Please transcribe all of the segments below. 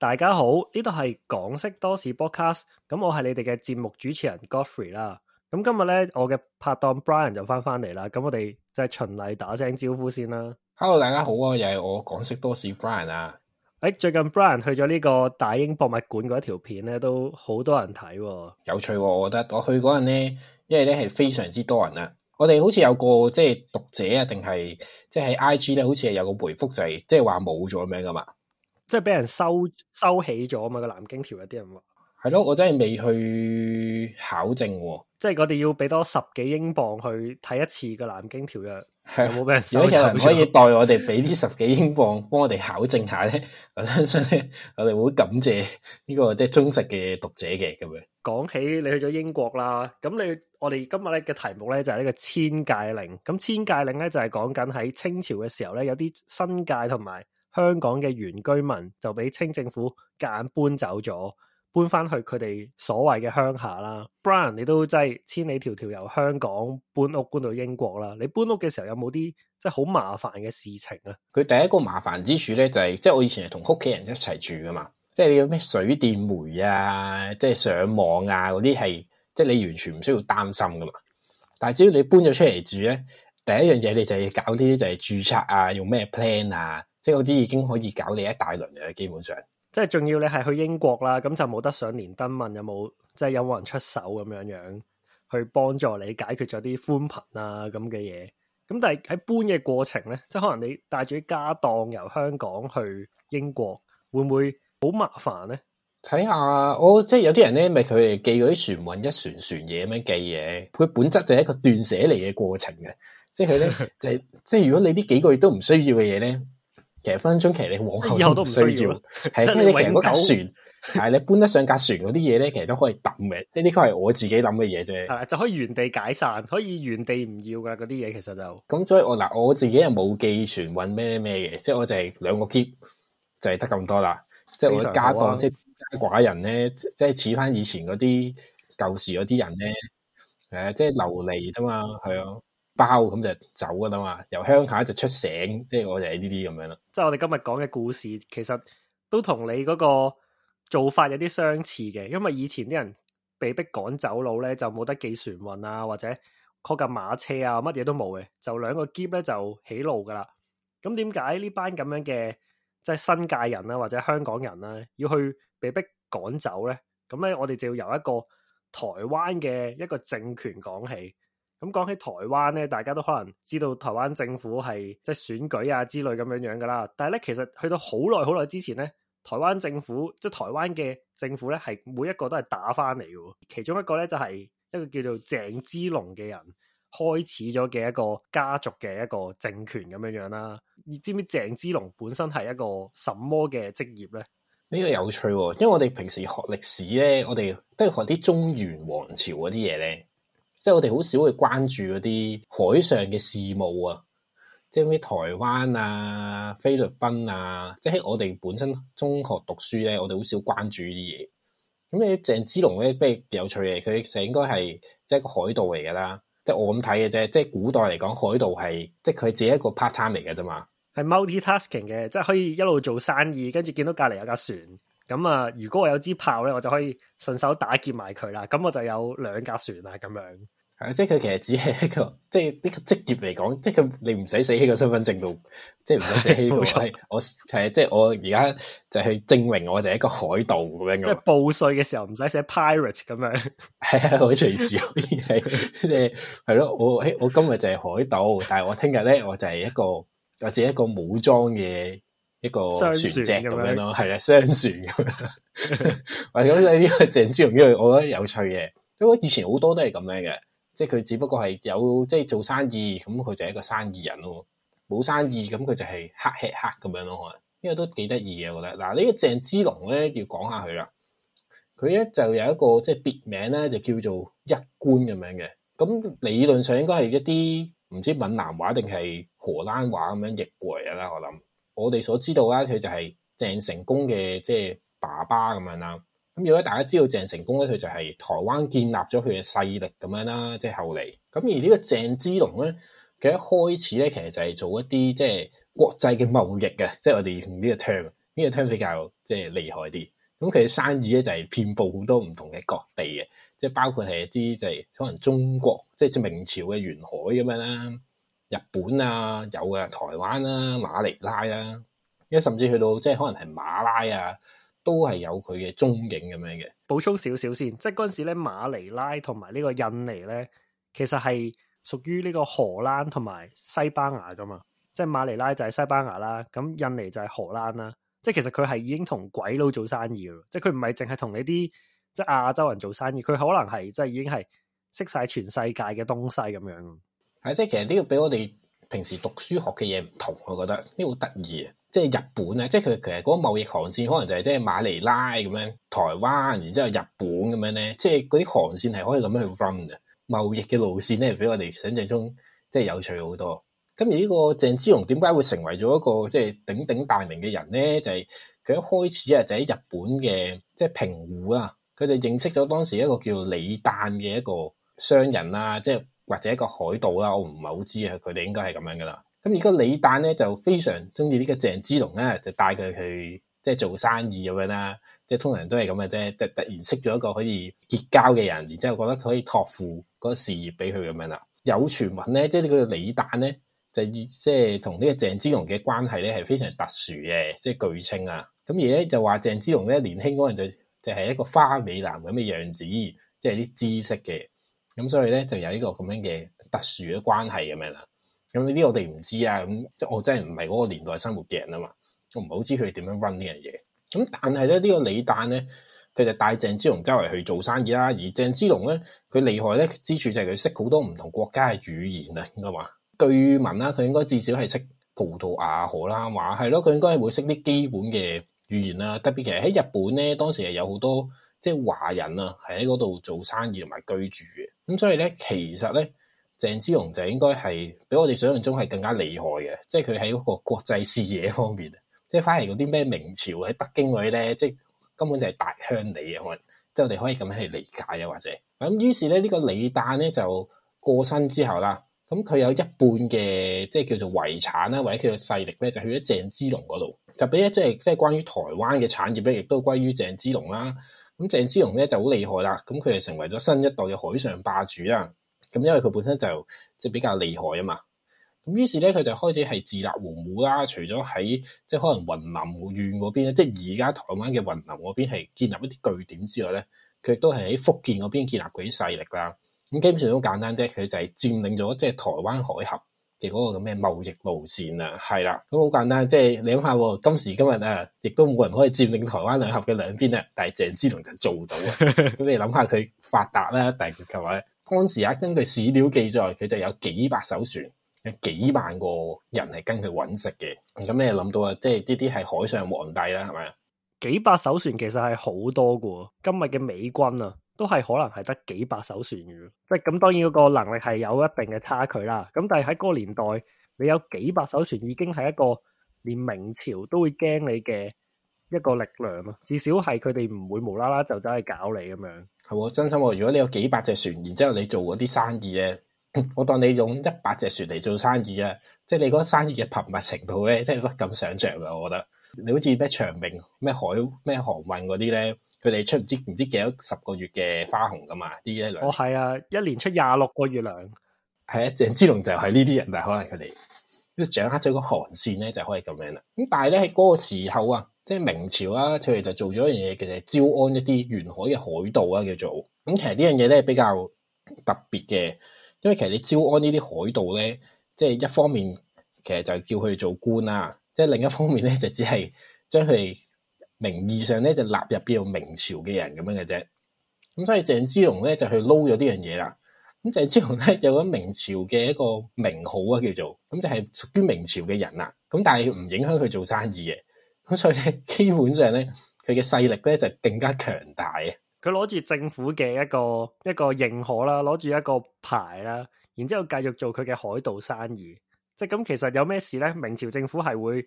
大家好，呢度係港識多史 Podcast，咁我係你哋嘅節目主持人 Godfrey 啦。咁今日咧，我嘅拍檔 Brian 就翻翻嚟啦。咁我哋就係循例打聲招呼先啦。Hello，大家好啊，又係我港識多史 Brian 啊。誒、欸，最近 Brian 去咗呢個大英博物館嗰一條片咧，都好多人睇、啊，有趣、哦、我覺得。我去嗰陣咧，因為咧係非常之多人啊。我哋好似有個即係、就是、讀者啊，定係即係 I G 咧，就是、好似係有個回覆就係即係話冇咗咩噶嘛。即係俾人收收起咗啊嘛，個南京條約啲人話係咯，我真係未去考證。即係我哋要俾多十幾英鎊去睇一次個南京條約。係冇咩事。有冇人，人可以代我哋俾啲十幾英鎊幫我哋考證下咧？ 我相信咧，我哋會感謝呢、這個即係、就是、忠實嘅讀者嘅咁樣。講起你去咗英國啦，咁你我哋今日咧嘅題目咧就係、是、呢個遷界令。咁遷界令咧就係講緊喺清朝嘅時候咧有啲新界同埋。香港嘅原居民就俾清政府夾硬搬走咗，搬翻去佢哋所謂嘅鄉下啦。Brian，你都真係千里迢迢由香港搬屋搬到英國啦。你搬屋嘅時候有冇啲即係好麻煩嘅事情啊？佢第一個麻煩之處咧就係即係我以前係同屋企人一齊住噶嘛，即係你有咩水電煤啊，即係上網啊嗰啲係即係你完全唔需要擔心噶嘛。但係只要你搬咗出嚟住咧，第一樣嘢你就係搞呢啲就係注冊啊，用咩 plan 啊？即係好啲已經可以搞你一大輪嘅，基本上。即係仲要你係去英國啦，咁就冇得上連登問有冇，即係有冇人出手咁樣樣，去幫助你解決咗啲、啊、寬頻啊咁嘅嘢。咁但係喺搬嘅過程咧，即係可能你帶住家當由香港去英國，會唔會好麻煩咧？睇下我即係有啲人咧，咪佢哋寄嗰啲船運一船船嘢咁樣寄嘢，佢本質就係一個斷捨離嘅過程嘅。即係佢咧就係、即係如果你呢幾個月都唔需要嘅嘢咧。其實分鐘其實你往後以後都唔需要，係即係你其實嗰架船，係你搬得上架船嗰啲嘢咧，其實都可以抌嘅。呢啲佢係我自己諗嘅嘢啫。係就可以原地解散，可以原地唔要噶啦。嗰啲嘢其實就咁。所以我嗱，我自己又冇寄船運咩咩嘅，即係我就係兩個喼就係得咁多啦、啊。即係我家當，即係孤寡人咧，即係似翻以前嗰啲舊時嗰啲人咧，誒，即係流離噶嘛，係啊。包咁就走噶啦嘛，由鄉下就出城，即係我就係呢啲咁樣啦。即係我哋今日講嘅故事，其實都同你嗰個做法有啲相似嘅，因為以前啲人被逼趕走佬咧，就冇得寄船運啊，或者 call 架馬車啊，乜嘢都冇嘅，就兩個箧咧就起路噶啦。咁點解呢班咁樣嘅即係新界人啦，或者香港人啦，要去被逼趕走咧？咁咧我哋就要由一個台灣嘅一個政權講起。咁講起台灣咧，大家都可能知道台灣政府係即係選舉啊之類咁樣樣噶啦。但係咧，其實去到好耐好耐之前咧，台灣政府即係台灣嘅政府咧，係每一個都係打返嚟嘅。其中一個咧就係一個叫做鄭芝龍嘅人開始咗嘅一個家族嘅一個政權咁樣樣啦。你知唔知鄭芝龍本身係一個什麼嘅職業咧？呢個有趣哦，因為我哋平時學歷史咧，我哋都係學啲中原王朝嗰啲嘢咧。即係我哋好少會關注嗰啲海上嘅事務啊，即係咩台灣啊、菲律賓啊，即係我哋本身中學讀書咧，我哋好少關注啲嘢。咁你鄭芝龍咧，非常有趣嘅，佢就應該係即係一個海盜嚟噶啦，即係我咁睇嘅啫。即係古代嚟講，海盜係即係佢自己一個 part time 嚟㗎啫嘛，係 multitasking 嘅，即係可以一路做生意，跟住見到隔籬有架船，咁啊，如果我有支炮咧，我就可以順手打劫埋佢啦，咁我就有兩架船啦，咁樣。係、啊、即係佢其實只係一個，即係呢個職業嚟講，即係佢你唔使死喺個身份證度，即係唔使寫喺度。我係即係我而家就係證明我就係一個海盜咁樣。即係報稅嘅時候唔使寫 pirate 咁 樣、啊，係係可隨時可以係，係 咯。 我誒我今日就係海盜，但係我聽日咧我就係一個或者一個武裝嘅一個船隻咁樣咯，係啦雙船咁。或者呢個鄭芝龍，呢個我覺得有趣嘅，因為以前好多都係咁樣嘅。即係佢只不過係有即係、就是、做生意，咁佢就係一個生意人咯。冇生意，咁佢就係黑吃黑咁樣咯。可能，因為都幾得意嘅。我覺得。嗱、啊，呢、這個鄭之龍咧要講下佢啦。佢咧就有一個即係別名咧，就叫做一官咁樣嘅。咁理論上應該係一啲唔知閩南話定係荷蘭話咁樣譯過嚟啊。我諗我哋所知道呢，佢就係鄭成功嘅即係爸爸咁樣啦。咁如果大家知道鄭成功咧，佢就係台灣建立咗佢嘅勢力咁樣啦。即係後嚟，咁而呢個鄭芝龍咧，佢一開始咧，其實就係做一啲即係國際嘅貿易嘅，即係我哋用呢個 term，呢個 term 比較即係厲害啲。咁其實生意咧就係遍佈好多唔同嘅各地嘅，即係包括係一啲就係可能中國，即係即明朝嘅沿海咁樣啦，日本啊有啊，台灣啦，馬尼拉啦、啊，因為甚至去到即係可能係馬拉啊。都係有佢嘅蹤影咁樣嘅。嗯，補充少少先，即係嗰陣時咧，馬尼拉同埋呢個印尼咧，其實係屬於呢個荷蘭同埋西班牙噶嘛即係馬尼拉就係西班牙啦，咁印尼就係荷蘭啦。即係其實佢係已經同鬼佬做生意咯，即係佢唔係淨係同你啲即係亞洲人做生意，佢可能係即係已經係識晒全世界嘅東西咁樣。係即係，其實呢個俾我哋平時讀書學嘅嘢唔同，我覺得呢好得意啊。即係日本咧，即係佢其實嗰個貿易航線可能就係即係馬尼拉咁樣，台灣，然之後日本咁樣咧，即係嗰啲航線係可以咁樣去 run 嘅。貿易嘅路線咧，比我哋想象中即係有趣好多。咁而呢個鄭芝龍點解會成為咗一個即係鼎鼎大名嘅人咧？就係佢一開始啊，就喺日本嘅即係平戶啊，佢就認識咗當時一個叫李旦嘅一個商人啊，即係或者一個海盜啦，我唔係好知啊，佢哋應該係咁樣噶啦。咁而個李旦咧就非常中意呢個鄭芝龍啊，就帶佢去即係做生意咁樣啦。即係通常都係咁嘅啫，特突然識咗一個可以結交嘅人，然之後覺得佢可以託付嗰個事業俾佢咁樣啦。有傳聞咧，即係呢個李旦咧就即係同呢個鄭芝龍嘅關係咧係非常特殊嘅，即係據稱啊。咁而咧就話鄭芝龍咧年輕嗰陣就就係一個花美男咁嘅樣子，即係啲知識嘅，咁所以咧就有呢個咁樣嘅特殊嘅關係咁樣啦。咁呢啲我哋唔知啊，咁即係我真係唔係嗰個年代生活嘅人啊嘛，我唔好知佢點樣 run 呢樣嘢。咁但係咧呢個李旦咧，佢就帶鄭芝龍周圍去做生意啦。而鄭芝龍咧，佢厲害咧之處就係佢識好多唔同國家嘅語言啊，應該話，據聞啦，佢應該至少係識葡萄牙、荷蘭話，係咯，佢應該係會識啲基本嘅語言啦。特別其實喺日本咧，當時係有好多即係華人啊，係喺嗰度做生意同埋居住嘅。咁所以咧，其實咧。鄭芝龍就應該係比我哋想象中係更加厲害嘅，即係佢喺嗰個國際視野方面，即係反而嗰啲咩明朝喺北京嗰啲咧，即係根本就係大鄉里啊，即係我哋可以咁樣嚟理解啊，或者咁。於是咧，呢這個李旦咧就過身之後啦，咁佢有一半嘅即係叫做遺產啦，或者佢嘅勢力咧，就去咗鄭芝龍嗰度，特別咧即係即係關於台灣嘅產業咧，亦都關於鄭芝龍啦。咁鄭芝龍咧就好厲害啦，咁佢就成為咗新一代嘅海上霸主啊！咁因為佢本身就即係比較厲害啊嘛，咁於是咧佢就開始係自立門戶啦，除咗喺即係可能雲林縣嗰邊咧，即係而家台灣嘅雲林嗰邊係建立一啲據點之外咧，佢都係喺福建嗰邊建立佢啲勢力啦。咁基本上好簡單啫，佢就係佔領咗即係台灣海峽嘅嗰個嘅咩貿易路線啊，係啦，咁好簡單。即係你諗下，今時今日啊，亦都冇人可以佔領台灣海峽嘅兩邊呢。但係鄭芝龍就做到咁 你諗下佢發達啦，定係當時啊，根據史料記載，佢就有幾百艘船，有幾萬個人係跟佢揾食嘅。咁你諗到啊，即係呢啲係海上皇帝啦，係咪？幾百艘船其實係好多㗎喎。今日嘅美軍啊，都係可能係得幾百艘船嘅。即係咁，當然嗰個能力係有一定嘅差距啦。咁但係喺嗰個年代，你有幾百艘船已經係一個連明朝都會驚你嘅。一個力量咯，至少係佢哋唔會無啦啦就走去搞你咁樣。係真心。如果你有幾百隻船，然之後你做嗰啲生意咧，我當你用一百隻船嚟做生意啊，即係你嗰生意嘅頻密程度咧，真係不敢想象噶。我覺得你好似咩長命、咩海咩航運嗰啲咧，佢哋出唔知唔知幾多十個月嘅花紅噶嘛？呢一兩哦係啊，一年出廿六個月糧係啊鄭芝龍就係呢啲人，但係可能佢哋都掌握咗個航線咧，就可以咁樣啦。咁但係咧喺嗰個時候啊。即係明朝啊，佢哋就做咗一樣嘢，其實係招安一啲沿海嘅海盜啊，叫做咁。其實呢樣嘢咧比較特別嘅，因為其實你招安呢啲海盜咧，即係一方面其實就係叫佢哋做官啦，即係另一方面咧就只係將佢哋名義上咧就納入變做明朝嘅人咁樣嘅啫。咁所以鄭芝龍咧就去撈咗呢樣嘢啦。咁鄭芝龍咧有咗明朝嘅一個名號啊，叫做咁就係屬於明朝嘅人啦。咁但係唔影響佢做生意嘅。咁所以基本上咧，佢嘅勢力咧就更加強大啊！佢攞住政府嘅一個一個認可啦，攞住一個牌啦，然之後繼續做佢嘅海盜生意。即係咁，其實有咩事咧？明朝政府係會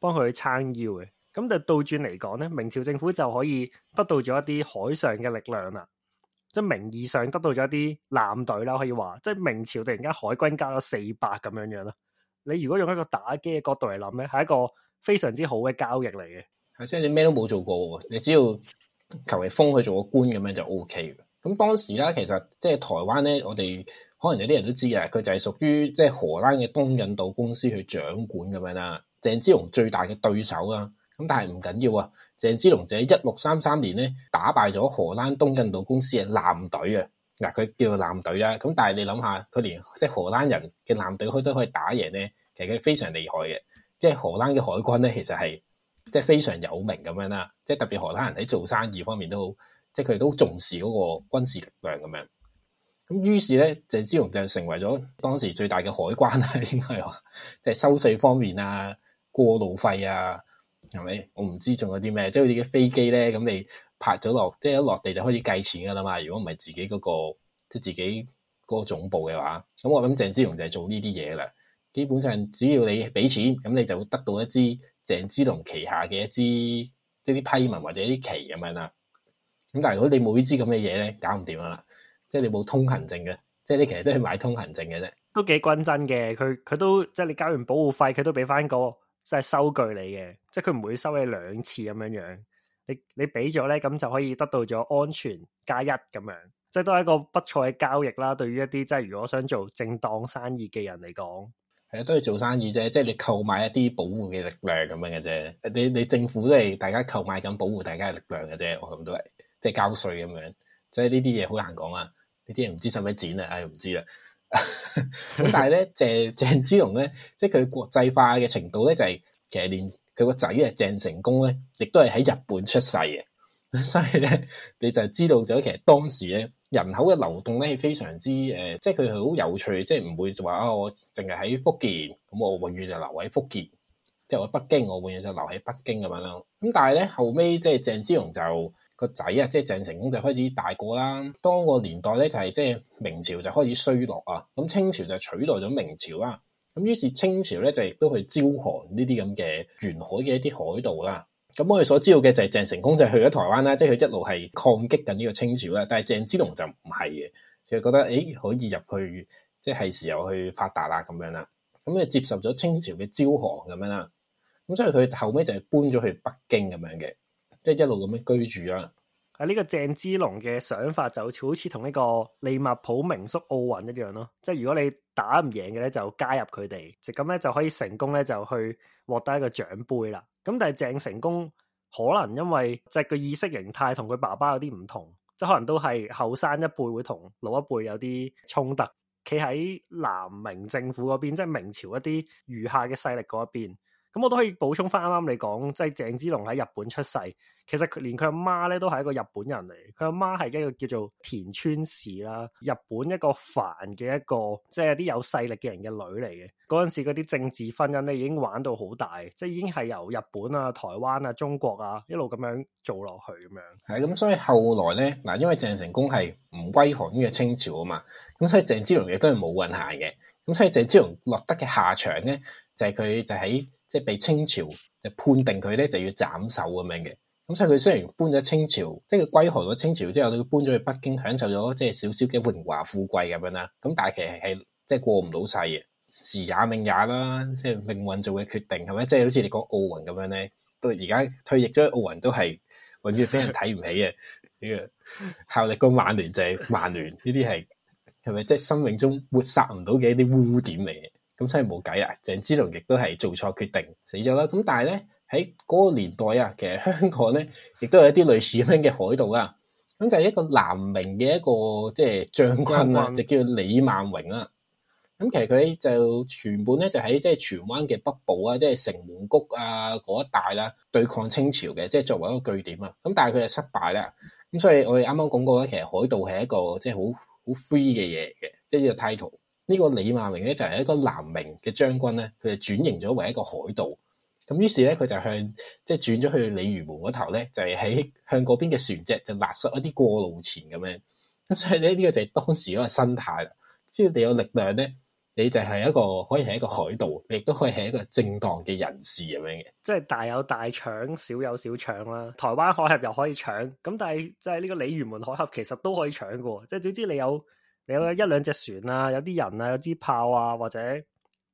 幫佢撐腰嘅。咁就倒轉嚟講咧，明朝政府就可以得到咗一啲海上嘅力量啦。即係名義上得到咗一啲艦隊啦，可以話，即係明朝突然間海軍加咗四百咁樣樣啦。你如果用一個打機嘅角度嚟諗咧，係一個。非常之好嘅交易嚟嘅，係即係你咩都冇做過，啊，你只要求其封佢做個官咁樣就 OK 嘅。咁當時咧，其實即係台灣咧，我哋可能有啲人都知啊，佢就係屬於即係荷蘭嘅東印度公司去掌管咁樣啦。鄭芝龍最大嘅對手啦，啊，咁但係唔緊要啊。鄭芝龍就喺一六三三年咧打敗咗荷蘭東印度公司嘅艦隊啊，嗱佢叫做艦隊啦。咁但係你諗下，佢連即係荷蘭人嘅艦隊，佢都可以打贏咧，其實佢非常厲害嘅。即係荷蘭嘅海軍咧，其實係即係非常有名咁樣啦。即係特別荷蘭人喺做生意方面都好，即係佢哋都重視嗰個軍事力量咁樣。咁於是咧，鄭芝龍就成為咗當時最大嘅海關啦，應該話即係收稅方面啊、過路費啊，係咪？我唔知仲有啲咩。即係好似啲飛機咧，咁你拍咗落，即係一落地就可以計錢㗎啦嘛。如果唔係自己嗰個，即係自己嗰個總部嘅話，咁我諗鄭芝龍就係做呢啲嘢啦。基本上只要你俾錢，咁你就會得到一支鄭芝龍旗下嘅一支即係啲批文或者啲旗咁樣啦。咁但係如果你冇呢支咁嘅嘢咧，搞唔掂啦。即係你冇通行證嘅，即係你其實都係買通行證嘅啫。都幾均真嘅，佢佢都即係你交完保護費，佢都俾翻個即係收據你嘅，即係佢唔會收你兩次咁樣樣。你你俾咗咧，咁就可以得到咗安全加一咁樣，即係都係一個不錯嘅交易啦。對於一啲即係如果想做正當生意嘅人嚟講。係都係做生意啫，即係你購買一啲保護嘅力量咁樣嘅啫。你你政府都係大家購買咁保護大家嘅力量嘅啫。我諗都係即係交稅咁樣。。 即係呢啲嘢好難講啊。呢啲嘢唔知使唔使剪啊？唉，唔知啦。咁但係咧，鄭鄭芝龍咧，即係佢國際化嘅程度咧，就係其實連佢個仔啊，鄭成功咧，亦都係喺日本出世嘅，所以咧，你就知道咗其實當時咧。人口嘅流動咧係非常之、呃、即係佢係好有趣，即係唔會就話啊，我淨係喺福建，咁我永遠就留喺福建；即係我喺北京，我永遠就留喺北京咁樣咯。咁但係咧，後尾即係鄭芝龍就個仔啊，即係鄭成功就開始大個啦。當個年代咧就係、是、即係明朝就開始衰落啊，咁清朝就取代咗明朝啦。咁於是清朝咧就亦都去招降呢啲咁嘅沿海嘅一啲海盜啦。咁我哋所知道嘅就係鄭成功就去咗台灣啦，即係佢一路係抗擊緊呢個清朝啦。但係鄭芝龍就唔係嘅，就覺得誒可以入去，即係時候去發達啦咁樣啦。咁佢接受咗清朝嘅招降咁樣啦。咁所以佢後尾就係搬咗去北京咁樣嘅，即係一路咁樣居住啦。啊！呢個鄭芝龍嘅想法就好似好似同呢個利物浦名宿奧雲一樣咯，即係如果你打唔贏嘅咧，就加入佢哋，就咁咧就可以成功咧，就去獲得一個獎杯啦。咁但係鄭成功可能因為隻個意識形態同佢爸爸有啲唔同，即係可能都係後生一輩會同老一輩有啲衝突，企喺南明政府嗰邊，即係明朝一啲餘下嘅勢力嗰一邊。咁我都可以補充翻啱啱你講，即係鄭芝龍喺日本出世，其實連佢阿媽咧都係一個日本人嚟。佢阿媽係一個叫做田川氏啦，日本一個凡嘅一個即係啲有勢力嘅人嘅女嚟嘅，嗰陣時嗰啲政治婚姻咧已經玩到好大，即係已經係由日本啊、台灣啊、中國啊一路咁樣做落去咁樣。係咁，所以後來咧嗱，因為鄭成功係唔歸降於清朝啊嘛，咁所以鄭芝龍亦都係冇運行嘅，咁所以鄭芝龍落得嘅下場咧。就係、是、佢就喺即係被清朝就判定佢咧就要斬首咁樣嘅，咁所以佢雖然搬咗清朝，即係佢歸降咗清朝之後，佢搬咗去北京，享受咗即係少少嘅榮華富貴咁樣啦。咁但係其實係即係過唔到世嘅，時也命也啦，即、就、係、是、命運做嘅決定係咪？即係、就是、好似你講奧運咁樣咧，到而家退役咗奧運都係永遠俾人睇唔起嘅 效力過曼聯就係曼聯，呢啲係係咪即係生命中活殺唔到嘅一啲污點嚟？咁所以冇計啦！鄭芝龍亦都係做錯決定死咗啦。咁但係咧喺嗰個年代啊，其實香港咧亦都有一啲類似咁嘅海盜啊。咁就係一個南明嘅一個即係將軍啊，就叫李萬榮啦。咁其實佢就全部咧就喺即係荃灣嘅北部啊，即係城門谷啊嗰一帶啦，對抗清朝嘅，即係作為一個據點啊。咁但係佢就失敗啦。咁所以我哋啱啱講過咧，其實海盜係一個即係好好 free 嘅嘢嘅，即係呢個 title。呢、這個李萬明咧就係、是、一個南明嘅將軍咧，佢就轉型咗為一個海盜。咁於是咧，佢就向即係轉咗去鯉魚門嗰頭咧，就係、是、喺、就是、向嗰邊嘅船隻就勒索一啲過路錢咁樣。咁所以咧，呢、這個就係當時嗰個生態啦。只要你有力量咧，你就係一個可以係一個海盜，亦都可以係一個正當嘅人士咁樣嘅。即、就、係、是、大有大搶，小有小搶啦、啊。台灣海峽又可以搶，咁但係就係呢個鯉魚門海峽其實都可以搶嘅。即、就、係、是、總之你有。你有一兩隻船啊，有啲人啊，有支炮啊，或者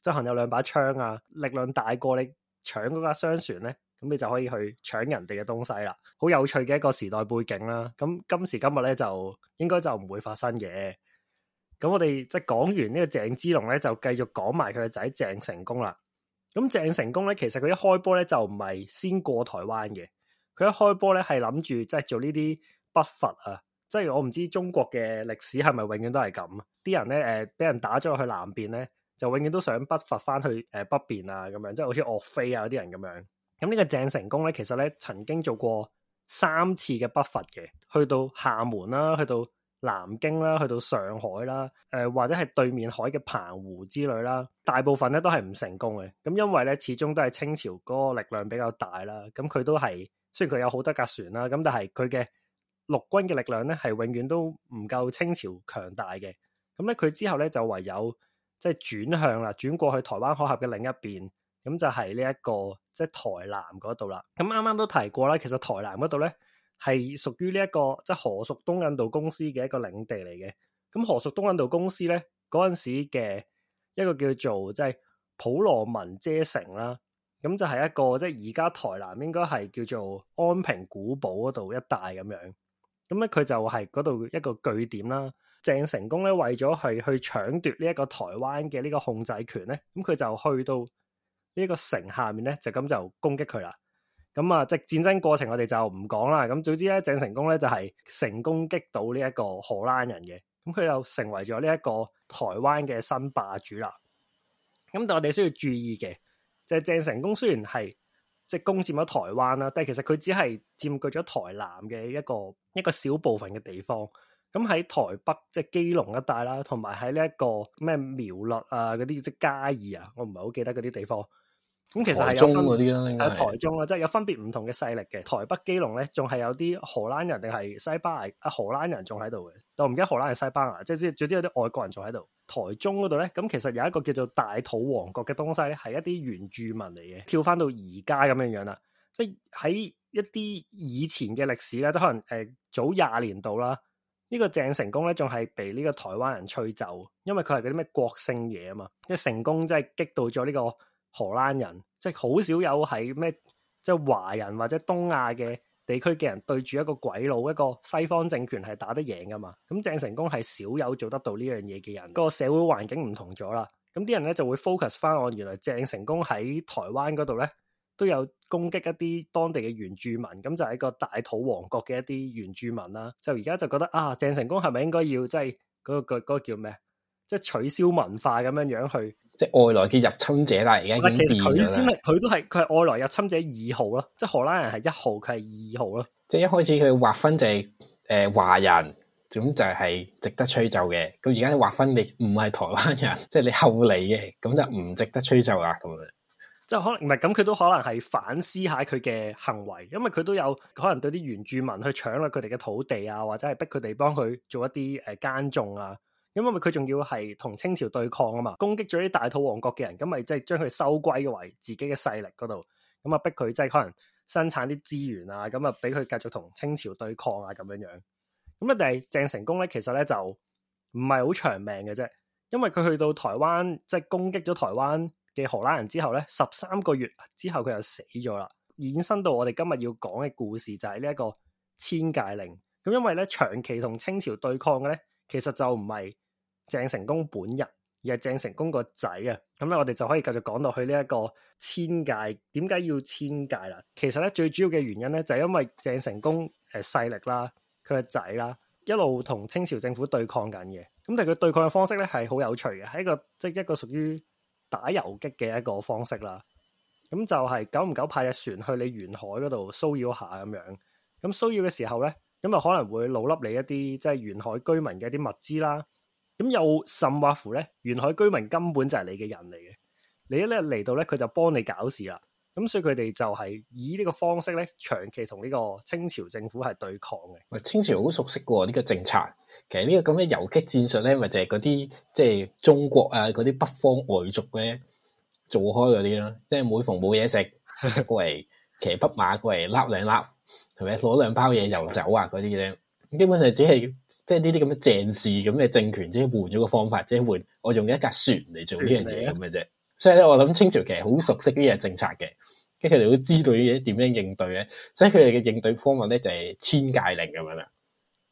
執行有兩把槍啊，力量大過你搶嗰架商船咧，咁你就可以去搶人哋嘅東西啦。好有趣嘅一個時代背景啦、啊。咁今時今日咧，就應該就唔會發生嘅。咁我哋即係講完呢個鄭芝龍咧，就繼續講埋佢個仔鄭成功啦。咁鄭成功咧，其實佢一開波咧就唔係先過台灣嘅，佢一開波咧係諗住即係做呢啲北伐啊。即係我唔知中國嘅歷史係咪永遠都係咁，啲人咧，誒俾人打咗去南邊咧，就永遠都想北伐翻去誒，、呃、北邊啊，咁樣即係好似岳飛啊嗰啲人咁樣。咁呢個鄭成功咧，其實咧曾經做過三次嘅北伐嘅，去到廈門啦，去到南京啦，去到上海啦，誒，、呃、或者係對面海嘅澎湖之類啦，大部分咧都係唔成功嘅。咁因為咧始終都係清朝嗰個力量比較大啦，咁佢都係雖然佢有好多架船啦，咁但係佢嘅。陸軍嘅力量咧，係永遠都唔夠清朝強大嘅。咁咧，佢之後咧就唯有即係轉向啦，轉過去台灣海峽嘅另一邊，咁就係呢一個即係台南嗰度啦。咁啱啱都提過啦，其實台南嗰度咧係屬於呢一個即係荷屬東印度公司嘅一個領地嚟嘅。咁荷屬東印度公司咧嗰陣時嘅一個叫做即係普羅文遮城啦，咁就係一個即係而家台南應該係叫做安平古堡嗰度一帶咁樣。咁咧，佢就係嗰度一個據點啦。鄭成功咧為咗係去搶奪呢一個台灣嘅呢個控制權咧，咁佢就去到呢個城下面咧，就咁就攻擊佢啦。咁啊，即係戰爭過程我哋就唔講啦。咁早知咧鄭成功咧就係、是、成功擊倒呢一個荷蘭人嘅，咁佢又成為咗呢一個台灣嘅新霸主啦。咁但我哋需要注意嘅，就係、是、鄭成功雖然係。即係攻佔咗台灣啦，但係其實佢只係佔據咗台南嘅一個一個小部分嘅地方。咁喺台北即係、就是、基隆一帶啦，同埋喺呢一個咩苗栗啊嗰啲即嘉義啊，我唔係好記得嗰啲地方。咁其實係有分，係台中啊，即係、就是、有分別唔同嘅勢力嘅。台北基隆咧，仲係有啲荷蘭人定係西班牙啊，荷蘭人仲喺度嘅。但我唔記得荷蘭係西班牙，即係即係總之有啲外國人仲喺度。台中嗰度咧，咁其實有一個叫做大土王國嘅東西，係一啲原住民嚟嘅。跳翻到而家咁樣樣啦，即係喺一啲以前嘅歷史咧，即可能誒、呃、早廿年度啦，呢、這個鄭成功咧仲係被呢個台灣人吹走，因為佢係嗰啲咩國姓嘢啊嘛，即係成功即係激到咗呢個。荷蘭人即係好少有喺咩即係華人或者東亞嘅地區嘅人對住一個鬼佬一個西方政權係打得贏噶嘛，咁鄭成功係少有做得到呢樣嘢嘅人。個社會環境唔同咗啦，咁啲人咧就會 focus 翻案。原來鄭成功喺台灣嗰度咧都有攻擊一啲當地嘅原住民，咁就係一個大土王國嘅一啲原住民啦。就而家就覺得啊，鄭成功係咪應該要即係嗰個個嗰、嗰個叫咩？即係取消文化咁樣樣去，即係外來嘅入侵者啦。而家其實佢先係，佢都係佢係外來入侵者二號咯。即係荷蘭人係一號，佢係二號咯。即係一開始佢劃分就係誒華人，咁就係值得吹奏嘅。咁而家劃分你唔係台灣人，即係你後嚟嘅，咁就唔值得吹奏啦。咁樣即係可能唔係咁，佢都可能係反思下佢嘅行為，因為佢都有可能對啲原住民去搶掠佢哋嘅土地啊，或者係逼佢哋幫佢做一啲誒、呃、耕種啊。因為佢仲要係同清、啊、清朝對抗啊嘛，攻擊咗啲大肚王國嘅人，咁咪即係將佢收歸為自己嘅勢力嗰度，咁啊逼佢即係可能生產啲資源啊，咁啊俾佢繼續同清朝對抗啊咁樣樣。咁啊，但係鄭成功咧，其實咧就唔係好長命嘅啫，因為佢去到台灣即係攻擊咗台灣嘅荷蘭人之後咧，十三個月之後佢又死咗啦。衍生到我哋今日要講嘅故事就係呢一個遷界令。咁因為咧長期同清朝對抗嘅咧，其實就唔係。鄭成功本人，而係鄭成功個仔啊。咁咧，我哋就可以繼續講到去這為什麼呢一個遷界，點解要遷界啦。其實咧，最主要嘅原因咧就係、是、因為鄭成功誒勢力啦，佢個仔啦，一路同清朝政府對抗緊嘅。咁但係佢對抗嘅方式咧係好有趣嘅，是一個即係、就是、一個屬於打游擊嘅一個方式啦。咁就係久唔久派隻船去你沿海嗰度騷擾下咁樣。咁騷擾嘅時候咧，咁啊可能會老笠你一啲即係沿海居民嘅一啲物資啦。咁又甚或乎咧，沿海居民根本就係你嘅人嚟嘅，你一咧嚟到咧，佢就幫你搞事啦。咁所以佢哋就係以呢個方式咧，長期同呢個清朝政府係對抗嘅。清朝好熟悉喎呢個政策，其實呢個咁嘅游擊戰術咧，咪就係嗰啲即係中國啊嗰啲北方外族咧做開嗰啲咯，即係每逢冇嘢食，過嚟騎匹馬過嚟，笠兩笠，同埋攞兩包嘢遊走啊，嗰啲咧，基本上只係。即係呢啲咁嘅鄭氏咁嘅政權，即係換咗個方法，即係換我用一架船嚟做呢樣嘢咁嘅啫。所以咧，我諗清朝其實好熟悉呢樣政策嘅，跟住佢哋都知道呢啲點樣應對咧。所以佢哋嘅應對方法咧就係、是、遷界令咁樣啦。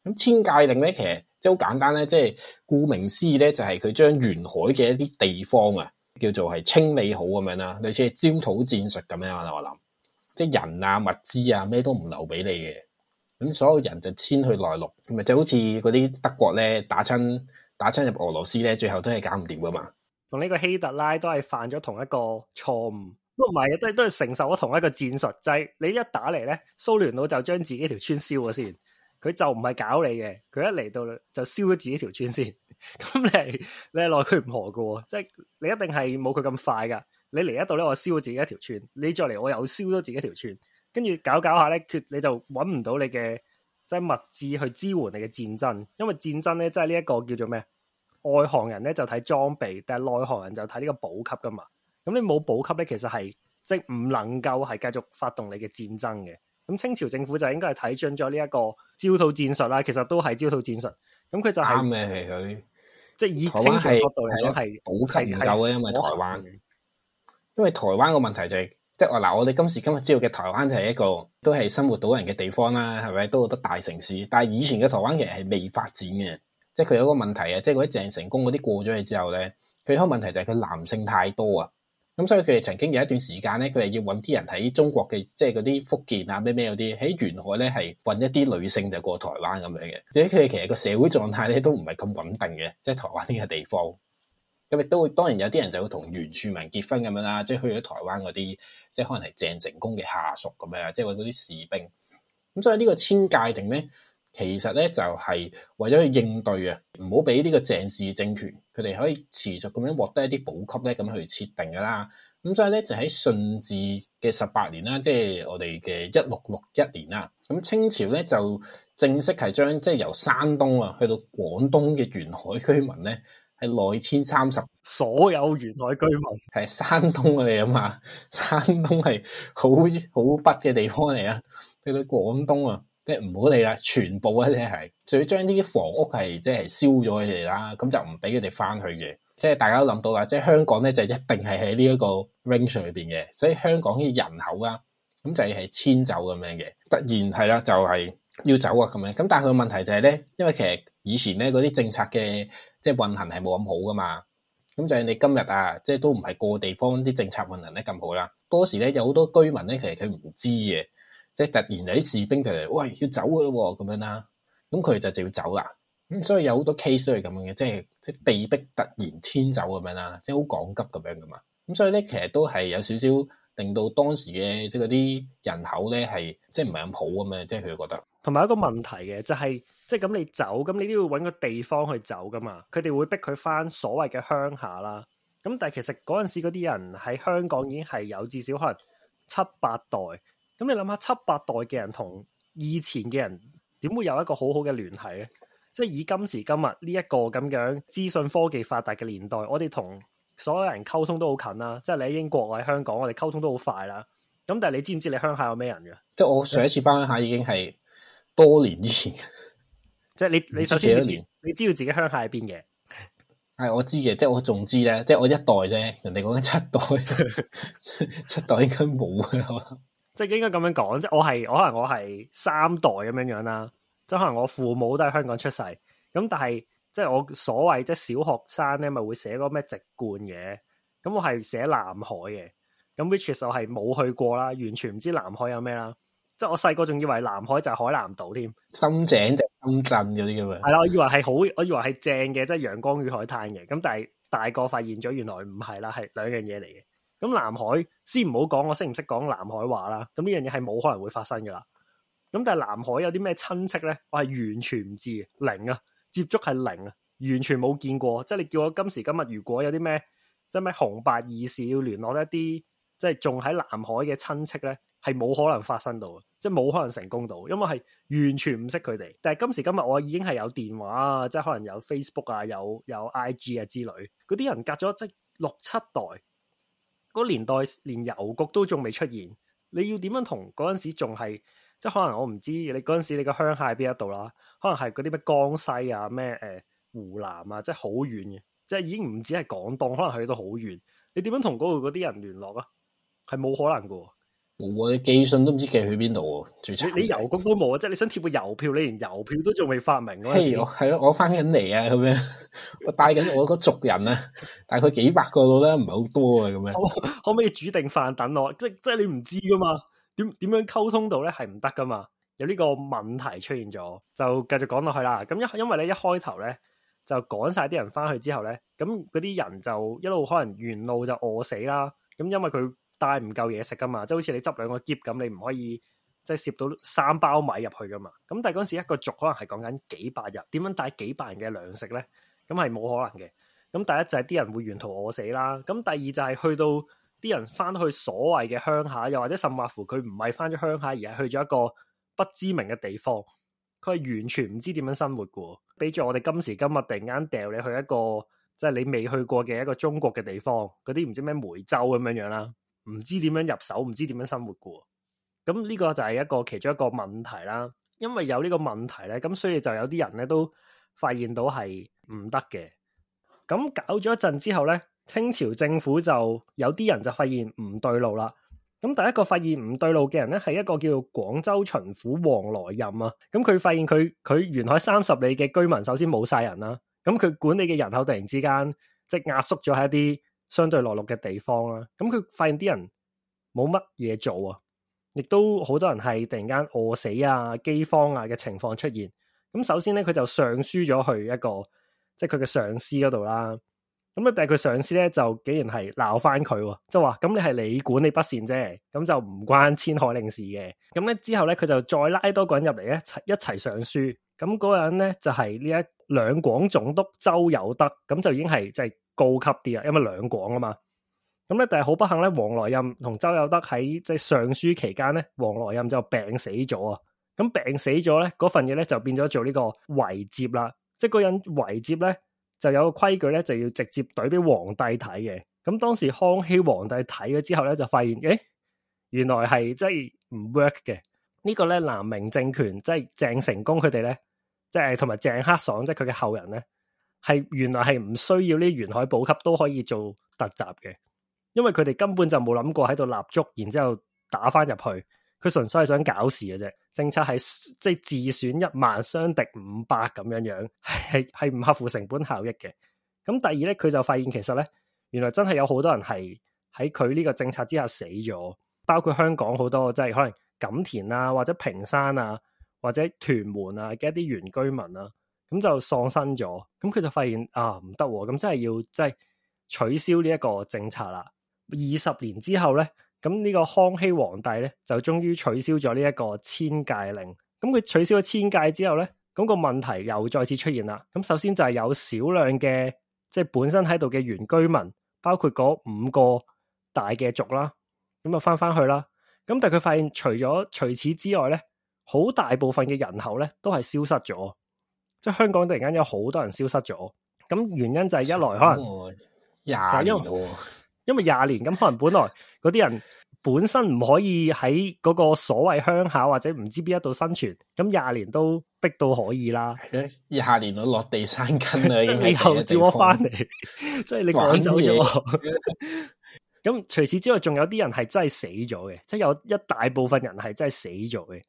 咁遷界令咧其實即係好簡單咧，即、就、係、是、顧名思義咧就係佢將沿海嘅一啲地方啊叫做係清理好咁樣啦，類似焦土戰術咁樣啦我諗，即係人啊物資啊咩都唔留俾你嘅。咁所有人就遷去內陸，咪就好似嗰啲德國咧打親打親入俄羅斯咧，最後都係搞唔掂噶嘛。同呢個希特拉都係犯咗同一個錯誤，都唔係都係都係承受咗同一個戰術，就係、是、你一打嚟咧，蘇聯佬就將自己條村燒咗先，佢就唔係搞你嘅，佢一嚟到就燒咗自己條村先。咁你你係奈佢唔何噶，即、就、係、是、你一定係冇佢咁快噶。你嚟一度咧，我燒咗自己一條村；你再嚟，我又燒咗自己一條村。跟住搞搞下咧，佢你就揾唔到你嘅即係物資去支援你嘅戰爭，因為戰爭咧，即係呢一個叫做咩？外行人咧就睇裝備，但係內行人就睇呢個補給噶嘛。咁你冇補給咧，其實係即係唔能夠係繼續發動你嘅戰爭嘅。咁清朝政府就應該係睇準咗呢一個焦土戰術啦。其實都係焦土戰術。咁佢就係啱係佢即係以清朝角度嚟講係補給唔夠嘅，因為台灣。因為台灣個問題就係、是。即係話嗱，我哋今時今日知道嘅台灣就係一個都係生活到人嘅地方啦，係咪？都好多大城市，但係以前嘅台灣其實係未發展嘅，即係佢有個問題啊，即係嗰啲鄭成功嗰啲過咗去之後咧，佢有個問題就係佢男性太多啊，咁所以佢哋曾經有一段時間咧，佢哋要搵啲人喺中國嘅即係嗰啲福建啊咩咩嗰啲喺沿海咧係搵一啲女性就過台灣咁樣嘅，即係佢哋其實個社會狀態咧都唔係咁穩定嘅，即係台灣呢個地方。亦都會，當然有啲人就會同原住民結婚咁樣啦，即係去咗台灣嗰啲，即係可能係鄭成功嘅下屬咁樣，即係揾嗰啲士兵。咁所以呢個遷界令咧，其實咧就係為咗去應對啊，唔好俾呢個鄭氏政權佢哋可以持續咁樣獲得一啲補給咧，咁去設定噶啦。咁所以咧就喺順治嘅十八年啦，即係我哋嘅一六六一年啦。咁清朝咧就正式係將即係由山東啊去到廣東嘅沿海居民咧。內遷三十，所有沿海居民係山東嚟啊嘛，山東係好好北嘅地方嚟啊。去到廣東啊，即係唔好理啦，全部啊。你係，就要將啲房屋係即係燒咗佢哋啦。咁就唔俾佢哋翻去嘅。即係大家都諗到啦，即係香港咧就一定係喺呢一個 range 裏邊嘅，所以香港啲人口啊，咁就要係遷走咁樣嘅。突然係啦，就係。要走啊咁樣，咁但係佢個問題就係咧，因為其實以前咧嗰啲政策嘅即係運行係冇咁好噶嘛，咁就係你今日啊，即係都唔係個地方啲政策運行咧咁好啦。當時咧有好多居民咧，其實佢唔知嘅，即係突然有啲士兵佢哋喂要走噶咯咁樣啦，咁佢就就要走啦。咁所以有好多 case 都係咁樣嘅，即係即係被逼突然遷走咁樣啦，即係好趕急咁樣噶嘛。咁所以咧其實都係有少少令到當時嘅即係嗰啲人口咧係即係唔係咁好咁樣，即係佢覺得。同埋一個問題嘅就係，即係咁你走，咁你都要揾個地方去走噶嘛？佢哋會逼佢翻所謂嘅鄉下啦。咁但係其實嗰陣時嗰啲人喺香港已經係有至少可能七八代。咁你諗下，七八代嘅人同以前嘅人點會有一個好好嘅聯繫咧？即係以今時今日呢一個咁樣資訊科技發達嘅年代，我哋同所有人溝通都好近啦。即係你喺英國啊，喺香港，我哋溝通都好快啦。咁但係你知唔知你鄉下有咩人嘅？即係我上一次翻鄉下已經係。多年之前，即係你你首先，你你知道自己鄉下喺邊嘅？係、哎、我知嘅，即係我仲知咧，即係我一代啫。人哋講緊七代， 七代應該冇啊嘛。即係應該咁樣講，即係我係，我可能我係三代咁樣樣啦。即係可能我父母都係香港出世，咁但係即係我所謂即係小學生咧，咪會寫嗰咩籍貫嘅？咁我係寫南海嘅。咁 which is 我係冇去過啦，完全唔知南海有咩啦。即係我細個仲以為南海就係海南島添，深井就深圳嗰啲咁啊。係啦，我以為係好，我以為係正嘅，即係陽光與海灘嘅。咁但係大個發現咗，原來唔係啦，係兩樣嘢嚟嘅。咁南海先唔好講，我識唔識講南海話啦？咁呢樣嘢係冇可能會發生噶啦。咁但係南海有啲咩親戚咧？我係完全唔知，零啊，接觸係零啊，完全冇見過。即係你叫我今時今日如果有啲咩，即係咩紅白二事要聯絡一啲，即係仲喺南海嘅親戚咧？係冇可能發生到，即係冇可能成功到，因為係完全唔識佢哋。但係今時今日我已經係有電話啊，即係可能有 Facebook 啊，有有 IG 啊之類嗰啲人，隔咗即六七代嗰年代，連郵局都仲未出現。你要點樣同嗰陣時仲係即係可能我？我唔知你嗰陣時你個鄉下喺邊一度啦，可能係嗰啲咩江西啊，咩誒湖南啊，即係好遠嘅，即係已經唔止係廣東，可能去到好遠。你點樣同嗰度嗰啲人聯絡啊？係冇可能噶。我寄信都唔知寄去邊度，啊，啊。你郵局都冇啊！即係你想貼個郵票，你連郵票都仲未發明嗰陣時，係、hey, 咯，我翻緊嚟啊！咁 樣我帶緊我一個族人啊，大概幾百個啦，唔係好多啊！咁 樣可唔可以煮定飯等我？即係即係你唔知噶嘛？點點樣溝通到咧，係唔得噶嘛？有呢個問題出現咗，就繼續講落去啦。咁因因為咧一開頭咧就趕晒啲人翻去之後咧，咁嗰啲人就一路可能沿路就餓死啦。咁因為佢。帶唔夠嘢食噶嘛？即係好似你執兩個篋咁，你唔可以即係攝到三包米入去噶嘛？咁但係嗰陣時一個族可能係講緊幾百日，點樣帶幾百人嘅糧食咧？咁係冇可能嘅。咁第一就係啲人會沿途餓死啦。咁第二就係去到啲人翻去所謂嘅鄉下，又或者甚或乎佢唔係翻咗鄉下，而係去咗一個不知名嘅地方，佢係完全唔知點樣生活噶。比住我哋今時今日突然間掉你去一個即係、就是、你未去過嘅一個中國嘅地方，嗰啲唔知咩梅州咁樣樣啦。唔知點樣入手，唔知點樣生活嘅，咁呢個就係一個其中一個問題啦。因為有呢個問題咧，咁所以就有啲人咧都發現到係唔得嘅。咁搞咗一陣之後咧，清朝政府就有啲人就發現唔對路啦。咁第一個發現唔對路嘅人咧，係一個叫做廣州巡撫王來任啊。咁佢發現佢佢沿海三十里嘅居民，首先冇晒人啦，啊。咁佢管理嘅人口突然之間即係壓縮咗喺一啲。相對落落嘅地方啦，咁佢發現啲人冇乜嘢做啊，亦都好多人係突然間餓死啊、饑荒啊嘅情況出現。咁首先咧，佢就上書咗去一個即係佢嘅上司嗰度啦。咁咧，但係佢上司咧就竟然係鬧返佢，即係話：咁你係你管理不善啫，咁就唔關遷海令事嘅。咁咧之後咧，佢就再拉多個人入嚟一齊一齊上書。咁嗰個人咧就係呢一兩廣總督周有德，咁就已經係即係。就是高級啲啊，因為兩廣啊嘛，咁咧，但係好不幸咧，王來任同周有德喺即係上書期間咧，王來任就病死咗啊，咁病死咗咧，嗰份嘢咧就變咗做呢個遺摺啦，即係嗰人遺摺咧就有個規矩咧，就要直接懟俾皇帝睇嘅。咁當時康熙皇帝睇咗之後咧，就發現誒，原來係即係唔 work 嘅，呢、這個咧南明政權即係鄭成功佢哋咧，即係同埋鄭克爽即係佢嘅後人咧。係原來係唔需要啲沿海補給都可以做特襲嘅，因為佢哋根本就冇諗過喺度立足，然之後打返入去，佢純粹係想搞事嘅啫。政策係即係自損一萬，相敵五百咁樣樣，係係唔合乎成本效益嘅。咁第二咧，佢就發現其實咧，原來真係有好多人係喺佢呢個政策之下死咗，包括香港好多即係可能錦田啊，或者屏山啊，或者屯門啊嘅一啲原居民啊。咁就喪生咗，咁佢就發現啊唔得，咁真係要即係取消呢一個政策啦。二十年之後咧，咁呢個康熙皇帝咧就終於取消咗呢一個遷界令。咁佢取消咗遷界之後咧，咁，那個問題又再次出現啦。咁首先就係有少量嘅即係本身喺度嘅原居民，包括嗰五個大嘅族啦，咁啊翻翻去啦。咁但係佢發現除，除咗除此之外咧，好大部分嘅人口咧都係消失咗。即係香港突然間有好多人消失咗，咁原因就係一來可能廿、哦，因為因為廿年咁，可能本來嗰啲人本身唔可以喺嗰個所謂鄉下或者唔知邊一度生存，咁廿年都逼到可以啦。係咧，廿年都落地生根啦，以後叫我翻嚟， 即係你趕走咗我。咁除 此之外，仲有啲人係真係死咗嘅，即係有一大部分人係真係死咗嘅。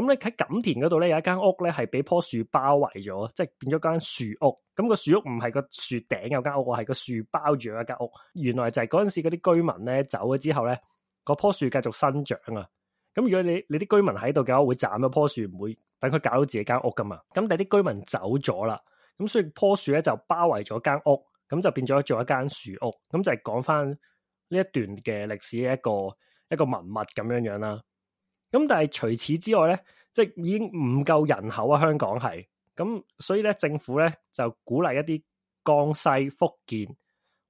咁你喺錦田嗰度咧，有一間屋咧，係俾棵樹包圍咗，即係變咗間樹屋。咁個樹屋唔係個樹頂有間屋，係個樹包住咗一間屋。原來就係嗰陣時嗰啲居民咧，走咗之後咧，嗰棵樹繼續生長啊。咁如果你你啲居民喺度嘅話，會斬咗棵樹，唔會等佢搞到自己間屋噶嘛。咁但係啲居民走咗啦，咁所以棵樹咧就包圍咗間屋，咁就變咗做一間樹屋。咁就係講翻呢一段嘅歷史一個一個文物咁樣樣啦。咁但係除此之外咧，即係已經唔夠人口啊！香港係咁，所以咧政府咧就鼓勵一啲江西、福建、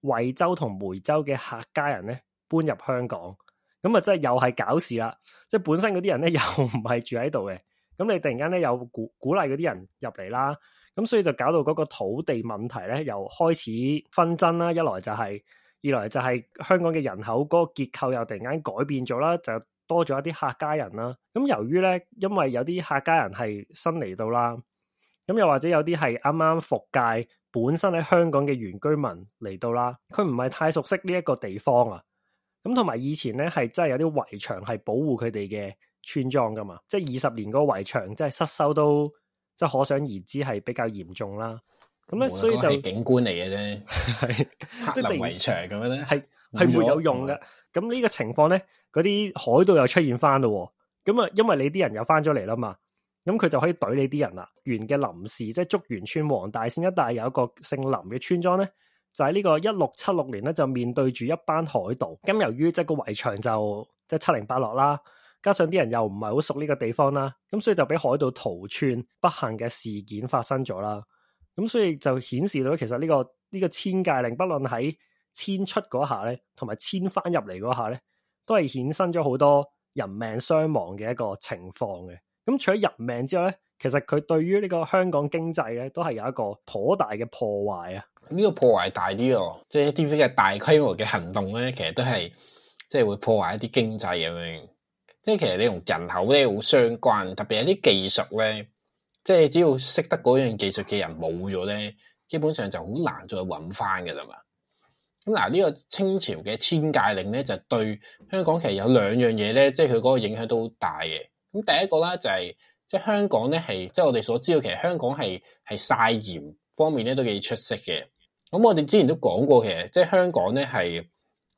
惠州同梅州嘅客家人咧搬入香港。咁啊，即係又係搞事啦！即係本身嗰啲人咧又唔係住喺度嘅，咁你突然間咧又鼓鼓勵嗰啲人入嚟啦，咁所以就搞到嗰個土地問題咧又開始紛爭啦。一來就係、是，二來就係香港嘅人口嗰個結構又突然間改變咗啦，就。多咗一啲客家人啦，咁由於咧，因為有啲客家人係新嚟到啦，咁又或者有啲係啱啱復界，本身喺香港嘅原居民嚟到啦，佢唔係太熟悉呢一個地方啊。咁同埋以前咧，係真係有啲圍牆係保護佢哋嘅村莊㗎嘛，即係二十年嗰個圍牆，即係失修都即係可想而知係比較嚴重啦。咁咧，所以就景觀嚟嘅啫，即係 林圍牆咁樣咧，係係沒有用嘅。咁呢個情況咧，嗰啲海盜又出現翻喎。咁啊，因為你啲人又翻咗嚟啦嘛，咁佢就可以懟你啲人啦。原嘅林氏，即係竹園村黃大仙一帶有一個姓林嘅村莊咧，就喺、是、呢個一六七六年咧，就面對住一班海盜。咁由於即係個圍牆就即係七零八落啦，加上啲人又唔係好熟呢個地方啦，咁所以就俾海盜屠村不幸嘅事件發生咗啦。咁所以就顯示到其實呢、這個呢、這個遷界令不論喺。遷出嗰下咧，同埋遷翻入嚟嗰下咧，都係衍生咗好多人命傷亡嘅一個情況嘅。咁除咗人命之外咧，其實佢對於呢個香港經濟咧，都係有一個頗大嘅破壞啊。呢個破壞大啲咯，即係一啲嘅大規模嘅行動咧，其實都係即係會破壞一啲經濟咁樣。即係其實你同人口咧好相關，特別係啲技術咧，即係只要識得嗰樣技術嘅人冇咗咧，基本上就好難再揾翻噶啦嘛。咁嗱，呢個清朝嘅遷界令咧，就對香港其實有兩樣嘢咧，即係佢嗰個影響都好大嘅。咁第一個啦就係，即係香港咧係，即係我哋所知道，其實香港係係曬鹽方面咧都幾出色嘅。咁我哋之前都講過，其實即係香港咧係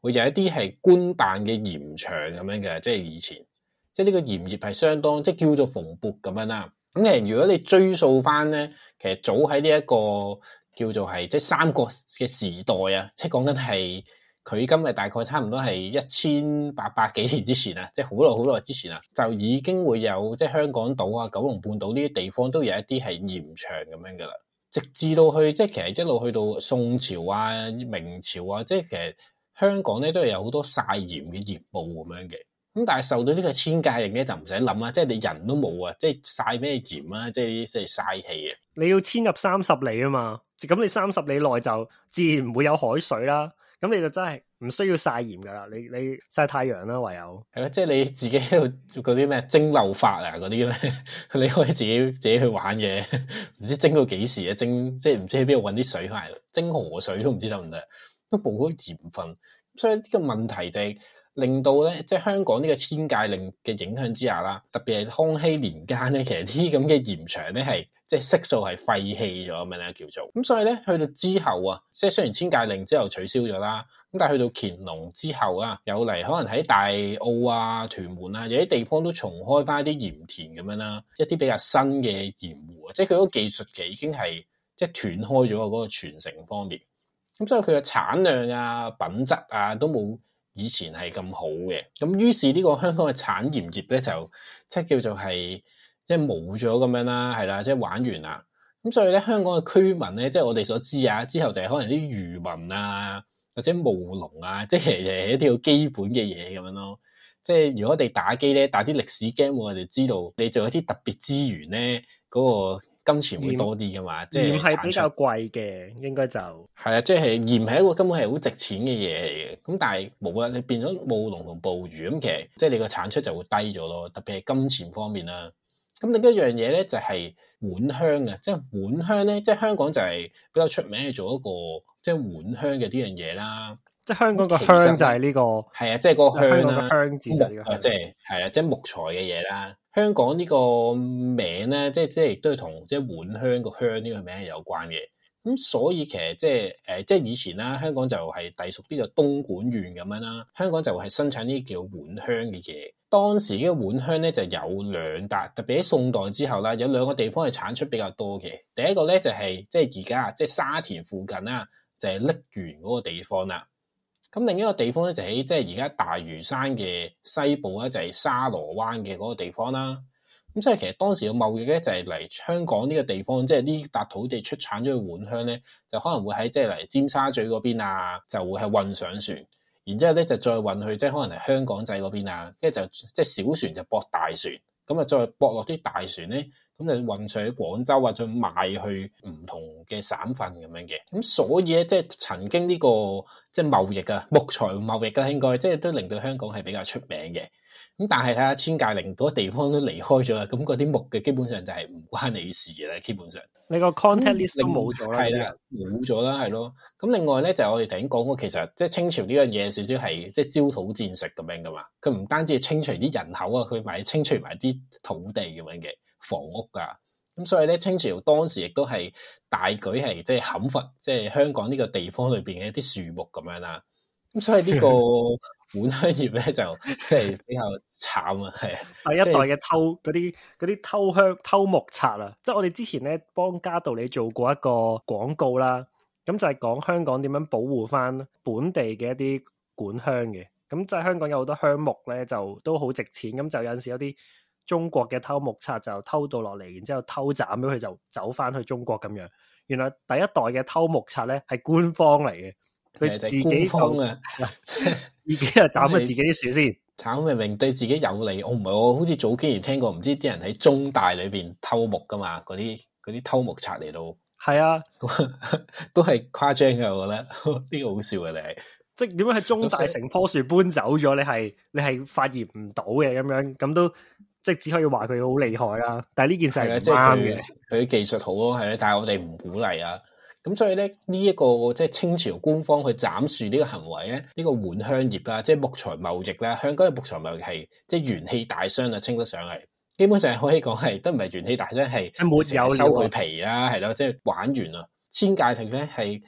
會有一啲係官辦嘅鹽場咁樣嘅，即係以前，即係呢個鹽業係相當即係叫做蓬勃咁樣啦。咁誒，如果你追溯翻咧，其實早喺呢一個。叫做係即係三國嘅時代啊！即係講緊係佢今日大概差唔多係一千八百幾年之前啊，即係好耐好耐之前啊，就已經會有即係香港島啊、九龍半島呢啲地方都有一啲係鹽場咁樣噶啦。直至到去即係其實一路去到宋朝啊、明朝啊，即係其實香港咧都係有好多曬鹽嘅業務咁樣嘅。咁但係受到呢個遷界令咧，就唔使諗啊，即係你人都冇啊，即係曬咩鹽啊，即係晒氣啊！你要遷入三十里啊嘛～咁你三十里內就自然唔會有海水啦，咁你就真係唔需要曬鹽噶啦，你你曬太陽啦唯有。係啊，即係你自己喺度做嗰啲咩蒸餾法啊嗰啲咧，你可以自己自己去玩嘅，唔知蒸到幾時啊，蒸即係唔知喺邊度搵啲水係蒸河水都唔知得唔得，都補好鹽分，所以呢個問題就係。令到咧，即係香港呢個遷界令嘅影響之下啦，特別係康熙年間咧，其實啲咁嘅鹽場咧係即係悉數係廢棄咗，咁樣叫做？咁所以咧去到之後啊，即係雖然遷界令之後取消咗啦，咁但係去到乾隆之後啊，有嚟可能喺大澳啊、屯門啊，有啲地方都重開翻啲鹽田咁樣啦，一啲比較新嘅鹽湖啊，即係佢嗰個技術嘅已經係即係斷開咗嗰個傳承方面，咁所以佢嘅產量啊、品質啊都冇。以前係咁好嘅，咁於是呢個香港嘅產鹽業咧就即係叫做係即係冇咗咁樣啦，係啦，即係玩完啦。咁所以咧，香港嘅居民咧，即係我哋所知啊，之後就係可能啲漁民啊，或者務農啊，即係誒一啲好基本嘅嘢咁樣咯。即係如果我哋打機咧，打啲歷史 game，我哋知道你做一啲特別資源咧嗰個。金錢會多啲噶嘛？即係鹽係比較貴嘅，應該就係啊，即係鹽係一個根本係好值錢嘅嘢嚟嘅。咁但係冇啊，你變咗冇農同捕魚，咁其實即係你個產出就會低咗咯。特別係金錢方面啦。咁另一樣嘢咧就係碗香嘅，即係碗香咧，即係香港就係比較出名去做一個即係碗香嘅呢樣嘢啦。即係香港個香就係呢個係啊，即係個香香即係係啊，即係木材嘅嘢啦。香港呢個名咧，即係即係亦都係同即係莞香個香呢個名係有關嘅。咁所以其實即係誒，即係以前啦，香港就係隸屬呢個東莞縣咁樣啦。香港就係生產呢啲叫莞香嘅嘢。當時呢莞香咧就有兩笪，特別喺宋代之後啦，有兩個地方係產出比較多嘅。第一個咧就係即係而家即係沙田附近啦，就係瀝源嗰個地方啦。咁另一個地方咧就喺即係而家大嶼山嘅西部咧就係沙螺灣嘅嗰個地方啦。咁所以其實當時嘅貿易咧就係嚟香港呢個地方，即係呢笪土地出產咗去莞香咧，就可能會喺即係嚟尖沙咀嗰邊啊，就會係運上船，然之後咧就再運去即係可能係香港仔嗰邊啊，跟住就即係小船就駁大船，咁啊再駁落啲大船咧。咁就運上喺廣州或者去賣去唔同嘅省份咁樣嘅。咁所以咧，即係曾經呢個即係貿易啊，木材貿易嘅應該即係都令到香港係比較出名嘅。咁但係睇下遷界令嗰個地方都離開咗啦，咁嗰啲木嘅基本上就係唔關你事嘅啦。基本上你個 content list 都冇咗啦，係啦，冇咗啦，係咯。咁 另外咧就我哋頭先講過，其實即係清朝呢樣嘢少少係即係焦土戰術咁樣噶嘛。佢唔單止清除啲人口啊，佢咪清除埋啲土地咁樣嘅。房屋噶，咁所以咧，清朝當時亦都係大舉係即係砍伐，即、就、係、是就是、香港呢個地方裏邊嘅一啲樹木咁樣啦。咁所以呢個莞香業咧就即係、就是、比較慘啊，係 啊，第一代嘅偷嗰啲嗰啲偷香偷木賊啊，即係我哋之前咧幫嘉道理做過一個廣告啦，咁就係講香港點樣保護翻本地嘅一啲莞香嘅，咁即係香港有好多香木咧就都好值錢，咁就有陣時候有啲。中國嘅偷木賊就偷到落嚟，然之後偷斬咗佢就走翻去中國咁樣。原來第一代嘅偷木賊咧係官方嚟嘅，佢自己封、就是、啊 自己就，自己又斬咗自己啲樹先，慘明明對自己有利。我唔係我好似早幾年聽過，唔知啲人喺中大裏邊偷木噶嘛？嗰啲嗰啲偷木賊嚟到，係啊， 都係誇張嘅，我覺得呢、這個好笑嘅、啊、你是，即係點樣喺中大成棵樹搬走咗，你係你係發現唔到嘅咁樣，咁都。即係只可以話佢好厲害啦，但係呢件事係唔啱嘅。佢技術好咯，係咧，但係我哋唔鼓勵啊。咁所以咧，呢一個即係清朝官方去斬樹呢個行為咧，呢個莞香業啦，即係木材貿易啦，香港嘅木材貿易係即係元氣大傷啊，稱得上嚟。基本上係可以講係都唔係元氣大傷，係冇有是收佢皮啦，係咯，即係玩完啦。遷界令咧係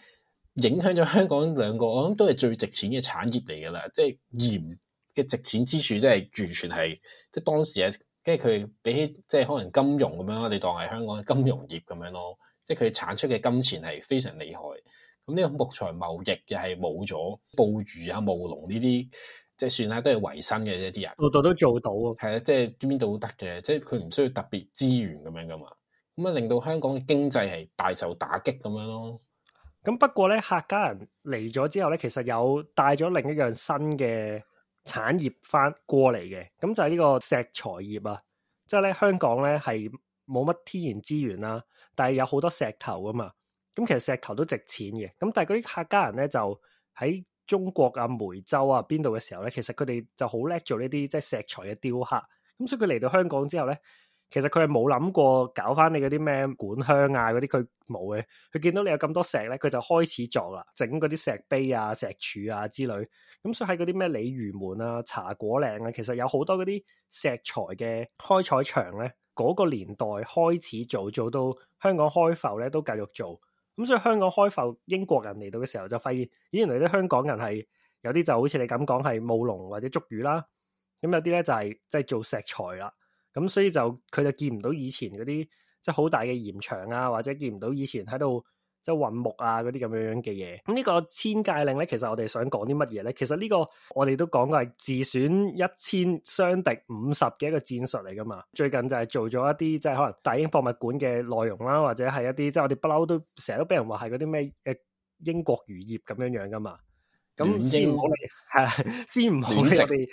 影響咗香港兩個，我諗都係最值錢嘅產業嚟噶啦，即係鹽。嘅值錢之處就是是、就是，即係完全係即係當時嘅。跟住佢比起即係可能金融咁樣，我哋當係香港嘅金融業咁樣咯。即係佢產出嘅金錢係非常厲害。咁呢個木材貿易又係冇咗捕魚啊、務農呢啲，即係算啦，都係維生嘅一啲人，我度都做到啊，係啊，即係邊邊度都得嘅。即係佢唔需要特別資源咁樣噶嘛。咁啊，令到香港嘅經濟係大受打擊咁樣咯。咁不過咧，客家人嚟咗之後咧，其實有帶咗另一樣新嘅。產業翻過嚟嘅，咁就係呢個石材業啊，即係咧香港咧係冇乜天然資源啦，啊，但係有好多石頭吖嘛，咁其實石頭都值錢嘅，咁但係嗰啲客家人咧就喺中國啊梅州啊邊度嘅時候咧，其實佢哋就好叻做呢啲即係石材嘅雕刻，咁所以佢嚟到香港之後咧。其實佢係冇諗過搞翻你嗰啲咩管香啊嗰啲，佢冇嘅。佢見到你有咁多石咧，佢就開始了做啦，整嗰啲石碑啊、石柱啊之類。咁所以喺嗰啲咩鯉魚門啊、茶果嶺啊，其實有好多嗰啲石材嘅開採場咧，嗰、那個年代開始做，做到香港開埠咧都繼續做。咁所以香港開埠，英國人嚟到嘅時候就發現，咦，原來啲香港人係有啲就好似你咁講係務農或者捉魚啦，咁有啲咧就係即係做石材啦。咁所以就佢就見唔到以前嗰啲即係好大嘅鹽場啊，或者見唔到以前喺度即係運木啊嗰啲咁樣樣嘅嘢。咁呢個遷界令咧，其實我哋想講啲乜嘢咧？其實呢個我哋都講過係自選一千相敵五十，嘅一個戰術嚟噶嘛。最近就係做咗一啲即係可能大英博物館嘅內容啦，或者係一啲即係我哋不嬲都成日都俾人話係嗰啲咩誒英國漁業咁樣樣噶嘛。咁先唔好理係，先唔好理我哋，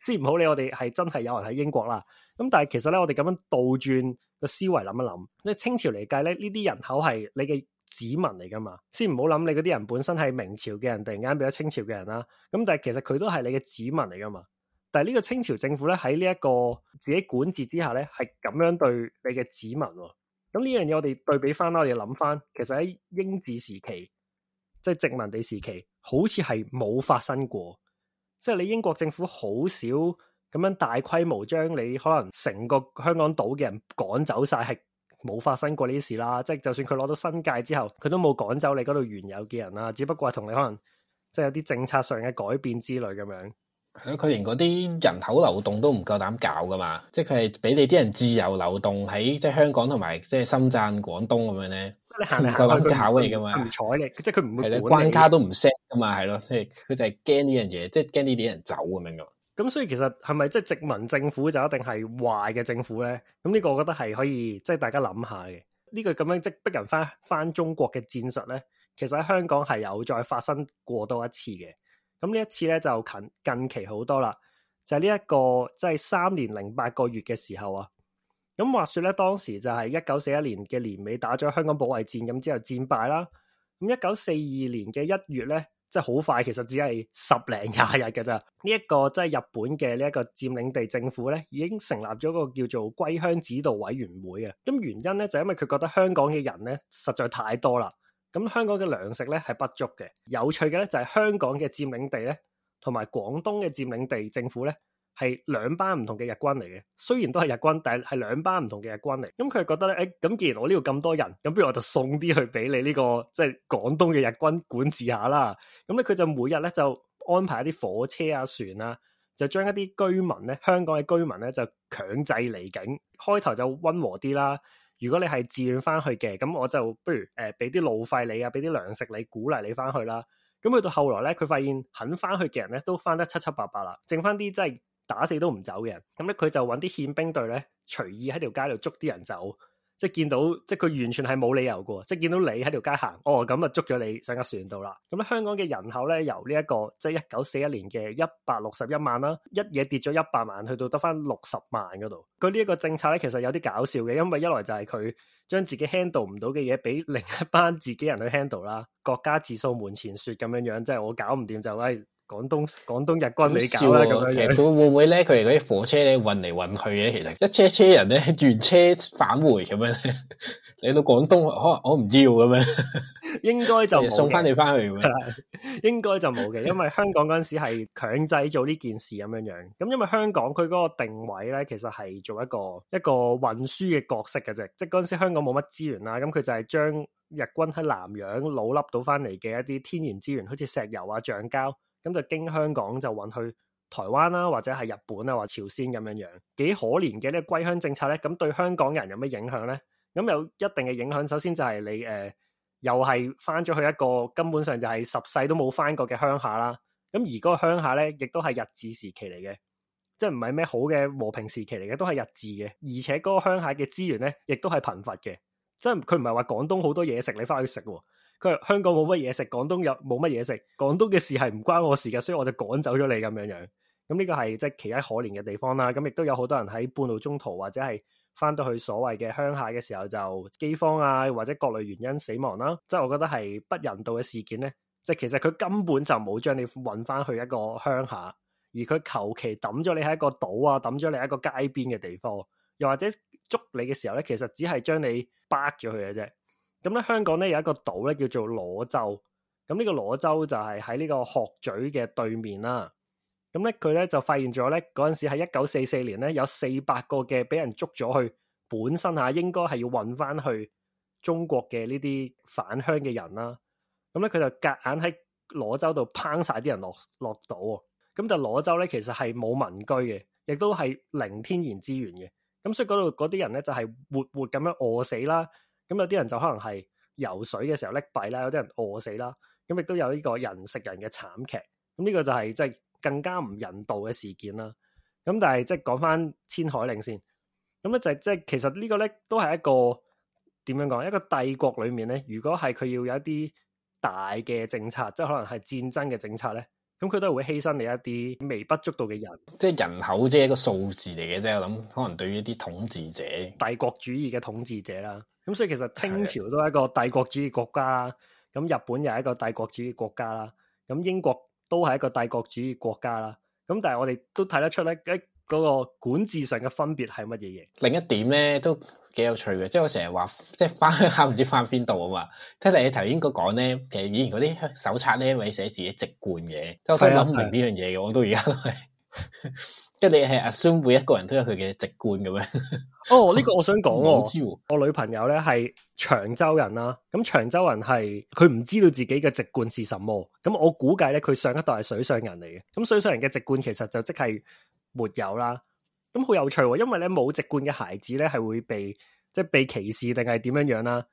先唔好理我哋係真係有人喺英國啦。咁但係其實咧，我哋咁樣倒轉個思維諗一諗，即係清朝嚟計咧，呢啲人口係你嘅子民嚟噶嘛？先唔好諗你嗰啲人本身係明朝嘅人，突然間變咗清朝嘅人啦。咁但係其實佢都係你嘅子民嚟噶嘛？但係呢個清朝政府咧喺呢一個自己管治之下咧，係咁樣對你嘅子民啊。咁呢樣嘢我哋對比翻啦，我哋諗翻，其實喺英治時期，即係殖民地時期，好似係冇發生過，即係你英國政府好少。咁樣大規模將你可能成個香港島嘅人趕走晒，係冇發生過呢啲事啦，即係就算佢攞到新界之後，佢都冇趕走你嗰度原有嘅人啦，只不過係同你可能即係有啲政策上嘅改變之類咁樣對。係咯，佢連嗰啲人口流動都唔夠膽搞噶嘛，即係佢係俾你啲人自由流動喺即係香港同埋即係深圳、廣東咁樣咧。你行下就咁你噶嘛？唔睬，就是，你，即係佢唔會關卡都唔 set 噶嘛，係咯，即係佢就係驚呢樣嘢，即係驚呢啲人走咁樣。咁所以其實係咪即殖民政府就一定係壞嘅政府咧？咁呢個我覺得係可以即係大家諗下嘅。呢個咁樣即逼人翻翻中國嘅戰術咧，其實喺香港係有再發生過多一次嘅。咁呢一次咧就近近期好多啦，就係呢一個即係三年零八個月嘅時候啊。咁話說咧，當時就係一九四一年嘅年尾打咗香港保衞戰，咁之後戰敗啦。咁一九四二年嘅一月咧。即係好快，其實只係十零廿日嘅咋。呢一個即係日本嘅呢一個佔領地政府咧，已經成立咗一個叫做歸鄉指導委員會嘅。咁原因咧就係因為佢覺得香港嘅人咧實在太多啦，咁香港嘅糧食咧係不足嘅。有趣嘅咧就係香港嘅佔領地咧，同埋廣東嘅佔領地政府咧。係兩班唔同嘅日軍嚟嘅，雖然都係日軍，但係兩班唔同嘅日軍嚟。咁佢係覺得咧，誒、哎，咁既然我呢度咁多人，咁不如我就送啲去俾你呢、這個即係廣東嘅日軍管治下啦。咁咧佢就每日咧就安排一啲火車啊、船啊，就將一啲居民咧，香港嘅居民咧就強制離境。開頭就温和啲啦，如果你係自願翻去嘅，咁我就不如誒俾啲路費你啊，俾啲糧食你，鼓勵你翻去啦。咁、嗯、去到後來咧，佢發現肯翻去嘅人咧都翻得七七八八啦，剩翻啲真係。打死都唔走嘅，咁咧佢就揾啲憲兵隊咧，隨意喺條街度捉啲人走，即係見到，即係佢完全係冇理由嘅，即係見到你喺條街行，哦咁啊，捉咗你上架船度啦。咁咧香港嘅人口咧，由呢一個即係一九四一年嘅一百六十一萬啦，一嘢跌咗一百萬，去到得翻六十萬嗰度。佢呢一個政策咧，其實有啲搞笑嘅，因為一來就係佢將自己 handle 唔到嘅嘢，俾另一班自己人去 handle 啦。國家自掃門前雪咁樣樣，即係我搞唔掂就誒。哎廣東廣東日軍比較啦，咁樣佢會唔會咧？佢哋嗰啲火車咧，運嚟運去嘅，其實一車車人咧，原車返回咁樣咧，嚟到廣東，我我唔要嘅咩？ 應該就送翻你翻去咁樣。 應該就冇嘅，因為香港嗰陣時係強制做呢件事咁樣樣。咁因為香港佢嗰個定位咧，其實係做一個一個運輸嘅角色嘅啫。即係嗰陣時香港冇乜資源啦，咁佢就係將日軍喺南洋老笠到翻嚟嘅一啲天然資源，好似石油啊、橡膠。咁就經香港就運去台灣啦、啊，或者係日本啊，或者朝鮮咁樣樣，幾可憐嘅呢個歸鄉政策咧，咁對香港人有咩影響咧？咁有一定嘅影響。首先就係你誒、呃，又係翻咗去一個根本上就係十世都冇翻過嘅鄉下啦。咁而嗰個鄉下咧，亦都係日治時期嚟嘅，即係唔係咩好嘅和平時期嚟嘅，都係日治嘅。而且嗰個鄉下嘅資源咧，亦都係貧乏嘅，即係佢唔係話廣東好多嘢食，你翻去食喎、啊。佢香港冇乜嘢食，廣東有冇乜嘢食？廣東嘅事係唔關我事嘅，所以我就趕走咗你咁樣樣。咁呢個係即係其哀可憐嘅地方啦。咁亦都有好多人喺半路中途或者係翻到去所謂嘅鄉下嘅時候就饑荒啊，或者各類原因死亡啦、啊。即係我覺得係不人道嘅事件咧。即係其實佢根本就冇將你揾翻去一個鄉下，而佢求其抌咗你喺一個島啊，抌咗你喺一個街邊嘅地方，又或者捉你嘅時候咧，其實只係將你巴咗佢嘅啫。咁咧，香港咧有一個島咧，叫做螺洲。咁呢個螺洲就係喺呢個鶴咀嘅對面啦、啊。咁咧，佢咧就發現咗咧，嗰陣時係一九四四年咧，有四百個嘅俾人捉咗去，本身吓、啊、應該係要搵翻去中國嘅、啊、呢啲返鄉嘅人啦。咁咧，佢就夾硬喺螺洲度烹曬啲人落落島、啊。咁就螺洲咧，其實係冇民居嘅，亦都係零天然資源嘅。咁所以嗰度嗰啲人咧就係、是、活活咁樣餓死啦。咁有啲人就可能係游水嘅時候溺斃啦，有啲人餓死啦，咁亦都有呢個人食人嘅慘劇。咁呢個就係即係更加唔人道嘅事件啦。咁但係即係講翻遷海令先，咁咧就即係其實這個呢個咧都係一個點樣講？一個帝國裏面咧，如果係佢要有一啲大嘅政策，即、就、係、是、可能係戰爭嘅政策咧。咁佢都係會犧牲你一啲微不足道嘅人，即係人口，即係一個數字嚟嘅啫。我諗可能對於一啲統治者，帝國主義嘅統治者啦，咁所以其實清朝都係一個帝國主義國家啦，咁日本又係一個帝國主義國家啦，咁英國都係一個帝國主義國家啦。咁但係我哋都睇得出咧，喺嗰個管治上嘅分別係乜嘢嘢？另一點咧都。幾有趣嘅，即係我成日話，即係翻鄉下唔知翻邊度啊嘛。聽你頭先講咧，其實以前嗰啲手冊咧咪寫自己籍貫嘅，我都諗唔明呢樣嘢嘅、啊，我都而家都係。 即係你係 assume 每一個人都有佢嘅籍貫嘅咩？哦，呢、這個我想講、嗯，我女朋友咧係長洲人啦、啊。咁長洲人係佢唔知道自己嘅籍貫是什麼？咁我估計咧，佢上一代係水上人嚟嘅。咁水上人嘅籍貫其實就即係沒有啦。咁好有趣喎，哦，因為咧冇籍貫嘅孩子咧係會被即係被歧視定係點樣樣啦？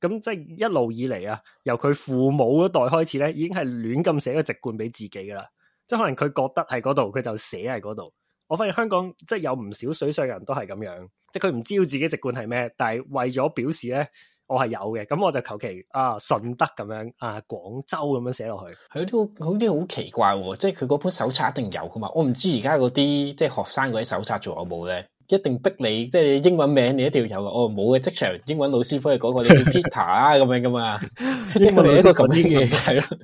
咁即係一路以嚟啊，由佢父母嗰代開始咧，已經係亂咁寫個籍貫俾自己噶啦，即係可能佢覺得喺嗰度，佢就寫喺嗰度。我發現香港即係有唔少水上人都係咁樣，即係佢唔知道自己籍貫係咩，但係為咗表示咧，我係有嘅，咁我就求其啊，順德咁樣啊，廣州咁樣寫落去，係呢個，好啲。好奇怪、哦，即係佢嗰本手冊一定有噶嘛，我唔知而家嗰啲即係學生嗰啲手冊仲有冇咧，一定逼你即係英文名你一定要有嘅，哦冇嘅職場英文老師傅係嗰個，你叫 Peter 啊咁 樣噶嘛，英文 即係我哋一個咁樣嘅係咯，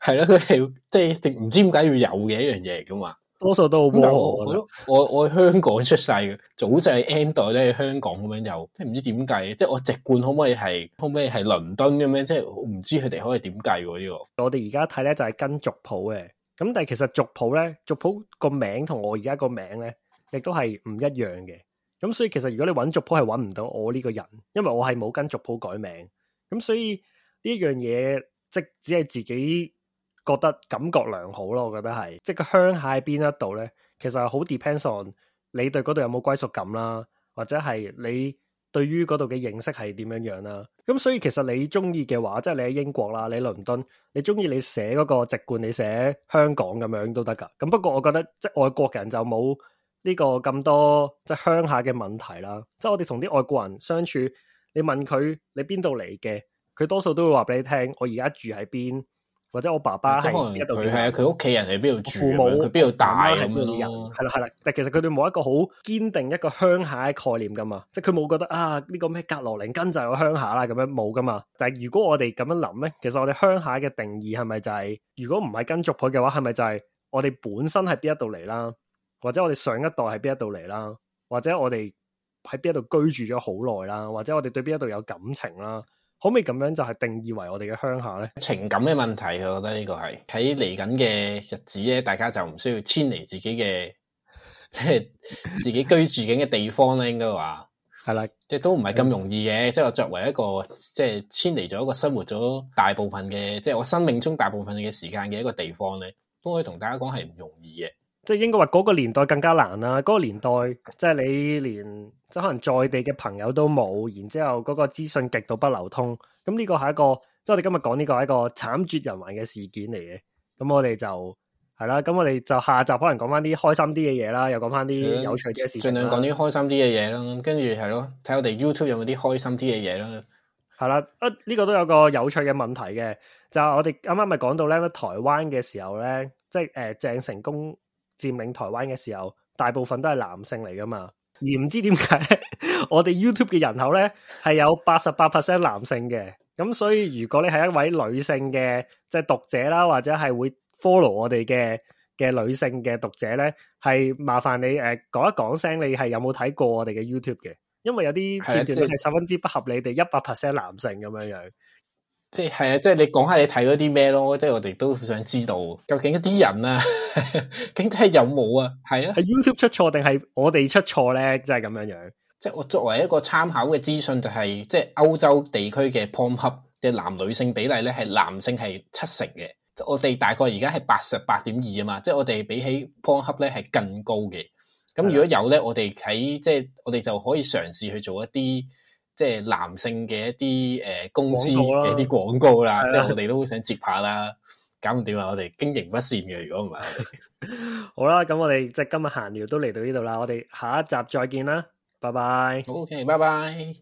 係咯， 佢係即係定唔知點解要有嘅一樣嘢嚟噶嘛。多數都我我，我，我，我喺香港出世嘅， 早就係 N 代咧，係香港咁樣又，即係唔知點計。即係我籍貫可唔可以係可唔可以係倫敦咁樣？即、這、係、個、我唔知佢哋可以點計呢啲。我哋而家睇咧就係、是、跟族譜嘅，咁但係其實族譜咧族譜個名同我而家個名咧，亦都係唔一樣嘅。咁所以其實如果你搵族譜係搵唔到我呢個人，因為我係冇跟族譜改名。咁所以呢一樣嘢即只係自己。覺得感覺良好咯，我覺得係，即係個鄉下喺邊一度咧，其實係好 depends on 你對嗰度有冇歸屬感啦，或者係你對於嗰度嘅認識係點樣樣啦。咁所以其實你中意嘅話，即係你喺英國啦，你喺倫敦，你中意你寫嗰個籍貫，你寫香港咁樣都得噶。咁不過我覺得，即係外國人就冇呢個咁多即係鄉下嘅問題啦。即係我哋同啲外國人相處，你問佢你邊度嚟嘅？佢多數都會話俾你聽，我而家住喺邊。或者我爸爸佢係啊，佢屋企人喺邊度住啊？佢邊度大咁樣人？係啦係啦，但其實佢哋冇一個好堅定一個鄉下嘅概念噶嘛，即係佢冇覺得啊呢、這個咩格羅寧根就係我鄉下啦咁樣冇噶嘛。但係如果我哋咁樣諗咧，其實我哋鄉下嘅定義係咪就係、是、如果唔係跟族譜嘅話，係咪就係我哋本身係邊一度嚟啦？或者我哋上一代係邊一度嚟啦？或者我哋喺邊一度居住咗好耐啦？或者我哋對邊一度有感情啦？可唔可以咁樣就係定義為我哋嘅鄉下咧？情感嘅問題，我覺得呢個係喺嚟緊嘅日子咧，大家就唔需要遷離自己嘅，即係自己居住嘅地方咧。應該話係啦，即係都唔係咁容易嘅。即 係我作為一個即係、就是、遷離咗一個生活咗大部分嘅，即、就、係、是、我生命中大部分嘅時間嘅一個地方咧，都可以同大家講係唔容易嘅。即係應該話嗰個年代更加難啦，啊，嗰，那個年代即係你連即係可能在地嘅朋友都冇，然之後嗰個資訊極度不流通，咁呢個係一個即係我哋今日講呢個係一個慘絕人寰嘅事件嚟嘅。咁我哋就係啦，咁我哋就下集可能講翻啲開心啲嘅嘢啦，又講翻啲有趣嘅事，盡量講啲開心啲嘅嘢啦。跟住係咯，睇我哋 YouTube 有冇啲開心啲嘅嘢啦。係啦，啊、這、呢個都有個有趣嘅問題嘅，就係我哋啱啱咪講到咧，台灣嘅時候咧，即係誒、呃、鄭成功。佔領台灣嘅時候，大部分都係男性嚟噶嘛，而唔知點解我哋 YouTube 嘅人口咧，係有八十八 percent 男性嘅。咁所以如果你係一位女性嘅即係讀者啦，或者係會 follow 我哋嘅嘅女性嘅讀者咧，係麻煩你誒講一講聲，你係有冇睇過我哋嘅 YouTube 嘅？因為有啲片段咧係十分之不合理，你哋一百 percent 男性咁樣樣。即係啊！即係你講下你睇咗啲咩咯？即係我哋都好想知道，究竟一啲人啊， 究竟係有冇啊？係啊？係 YouTube 出錯定係我哋出錯咧？即係咁樣樣。即係我作為一個參考嘅資訊，就是，就係即係歐洲地區嘅 pornhub 嘅男女性比例咧，係男性係七成嘅。即係我哋大概而家係八十八點二啊嘛。即係我哋比起 pornhub 咧係更高嘅。咁如果有咧，嗯，我哋喺即係我哋就可以嘗試去做一啲。即、係男性嘅一啲誒公司嘅一啲廣告啦，即係我哋都好想接下啦，對，搞唔掂啊！我哋經營不善嘅。如果唔係，好啦，咁我哋即係今日閒聊都嚟到呢度啦，我哋下一集再見啦，拜拜。好，okay, 拜拜。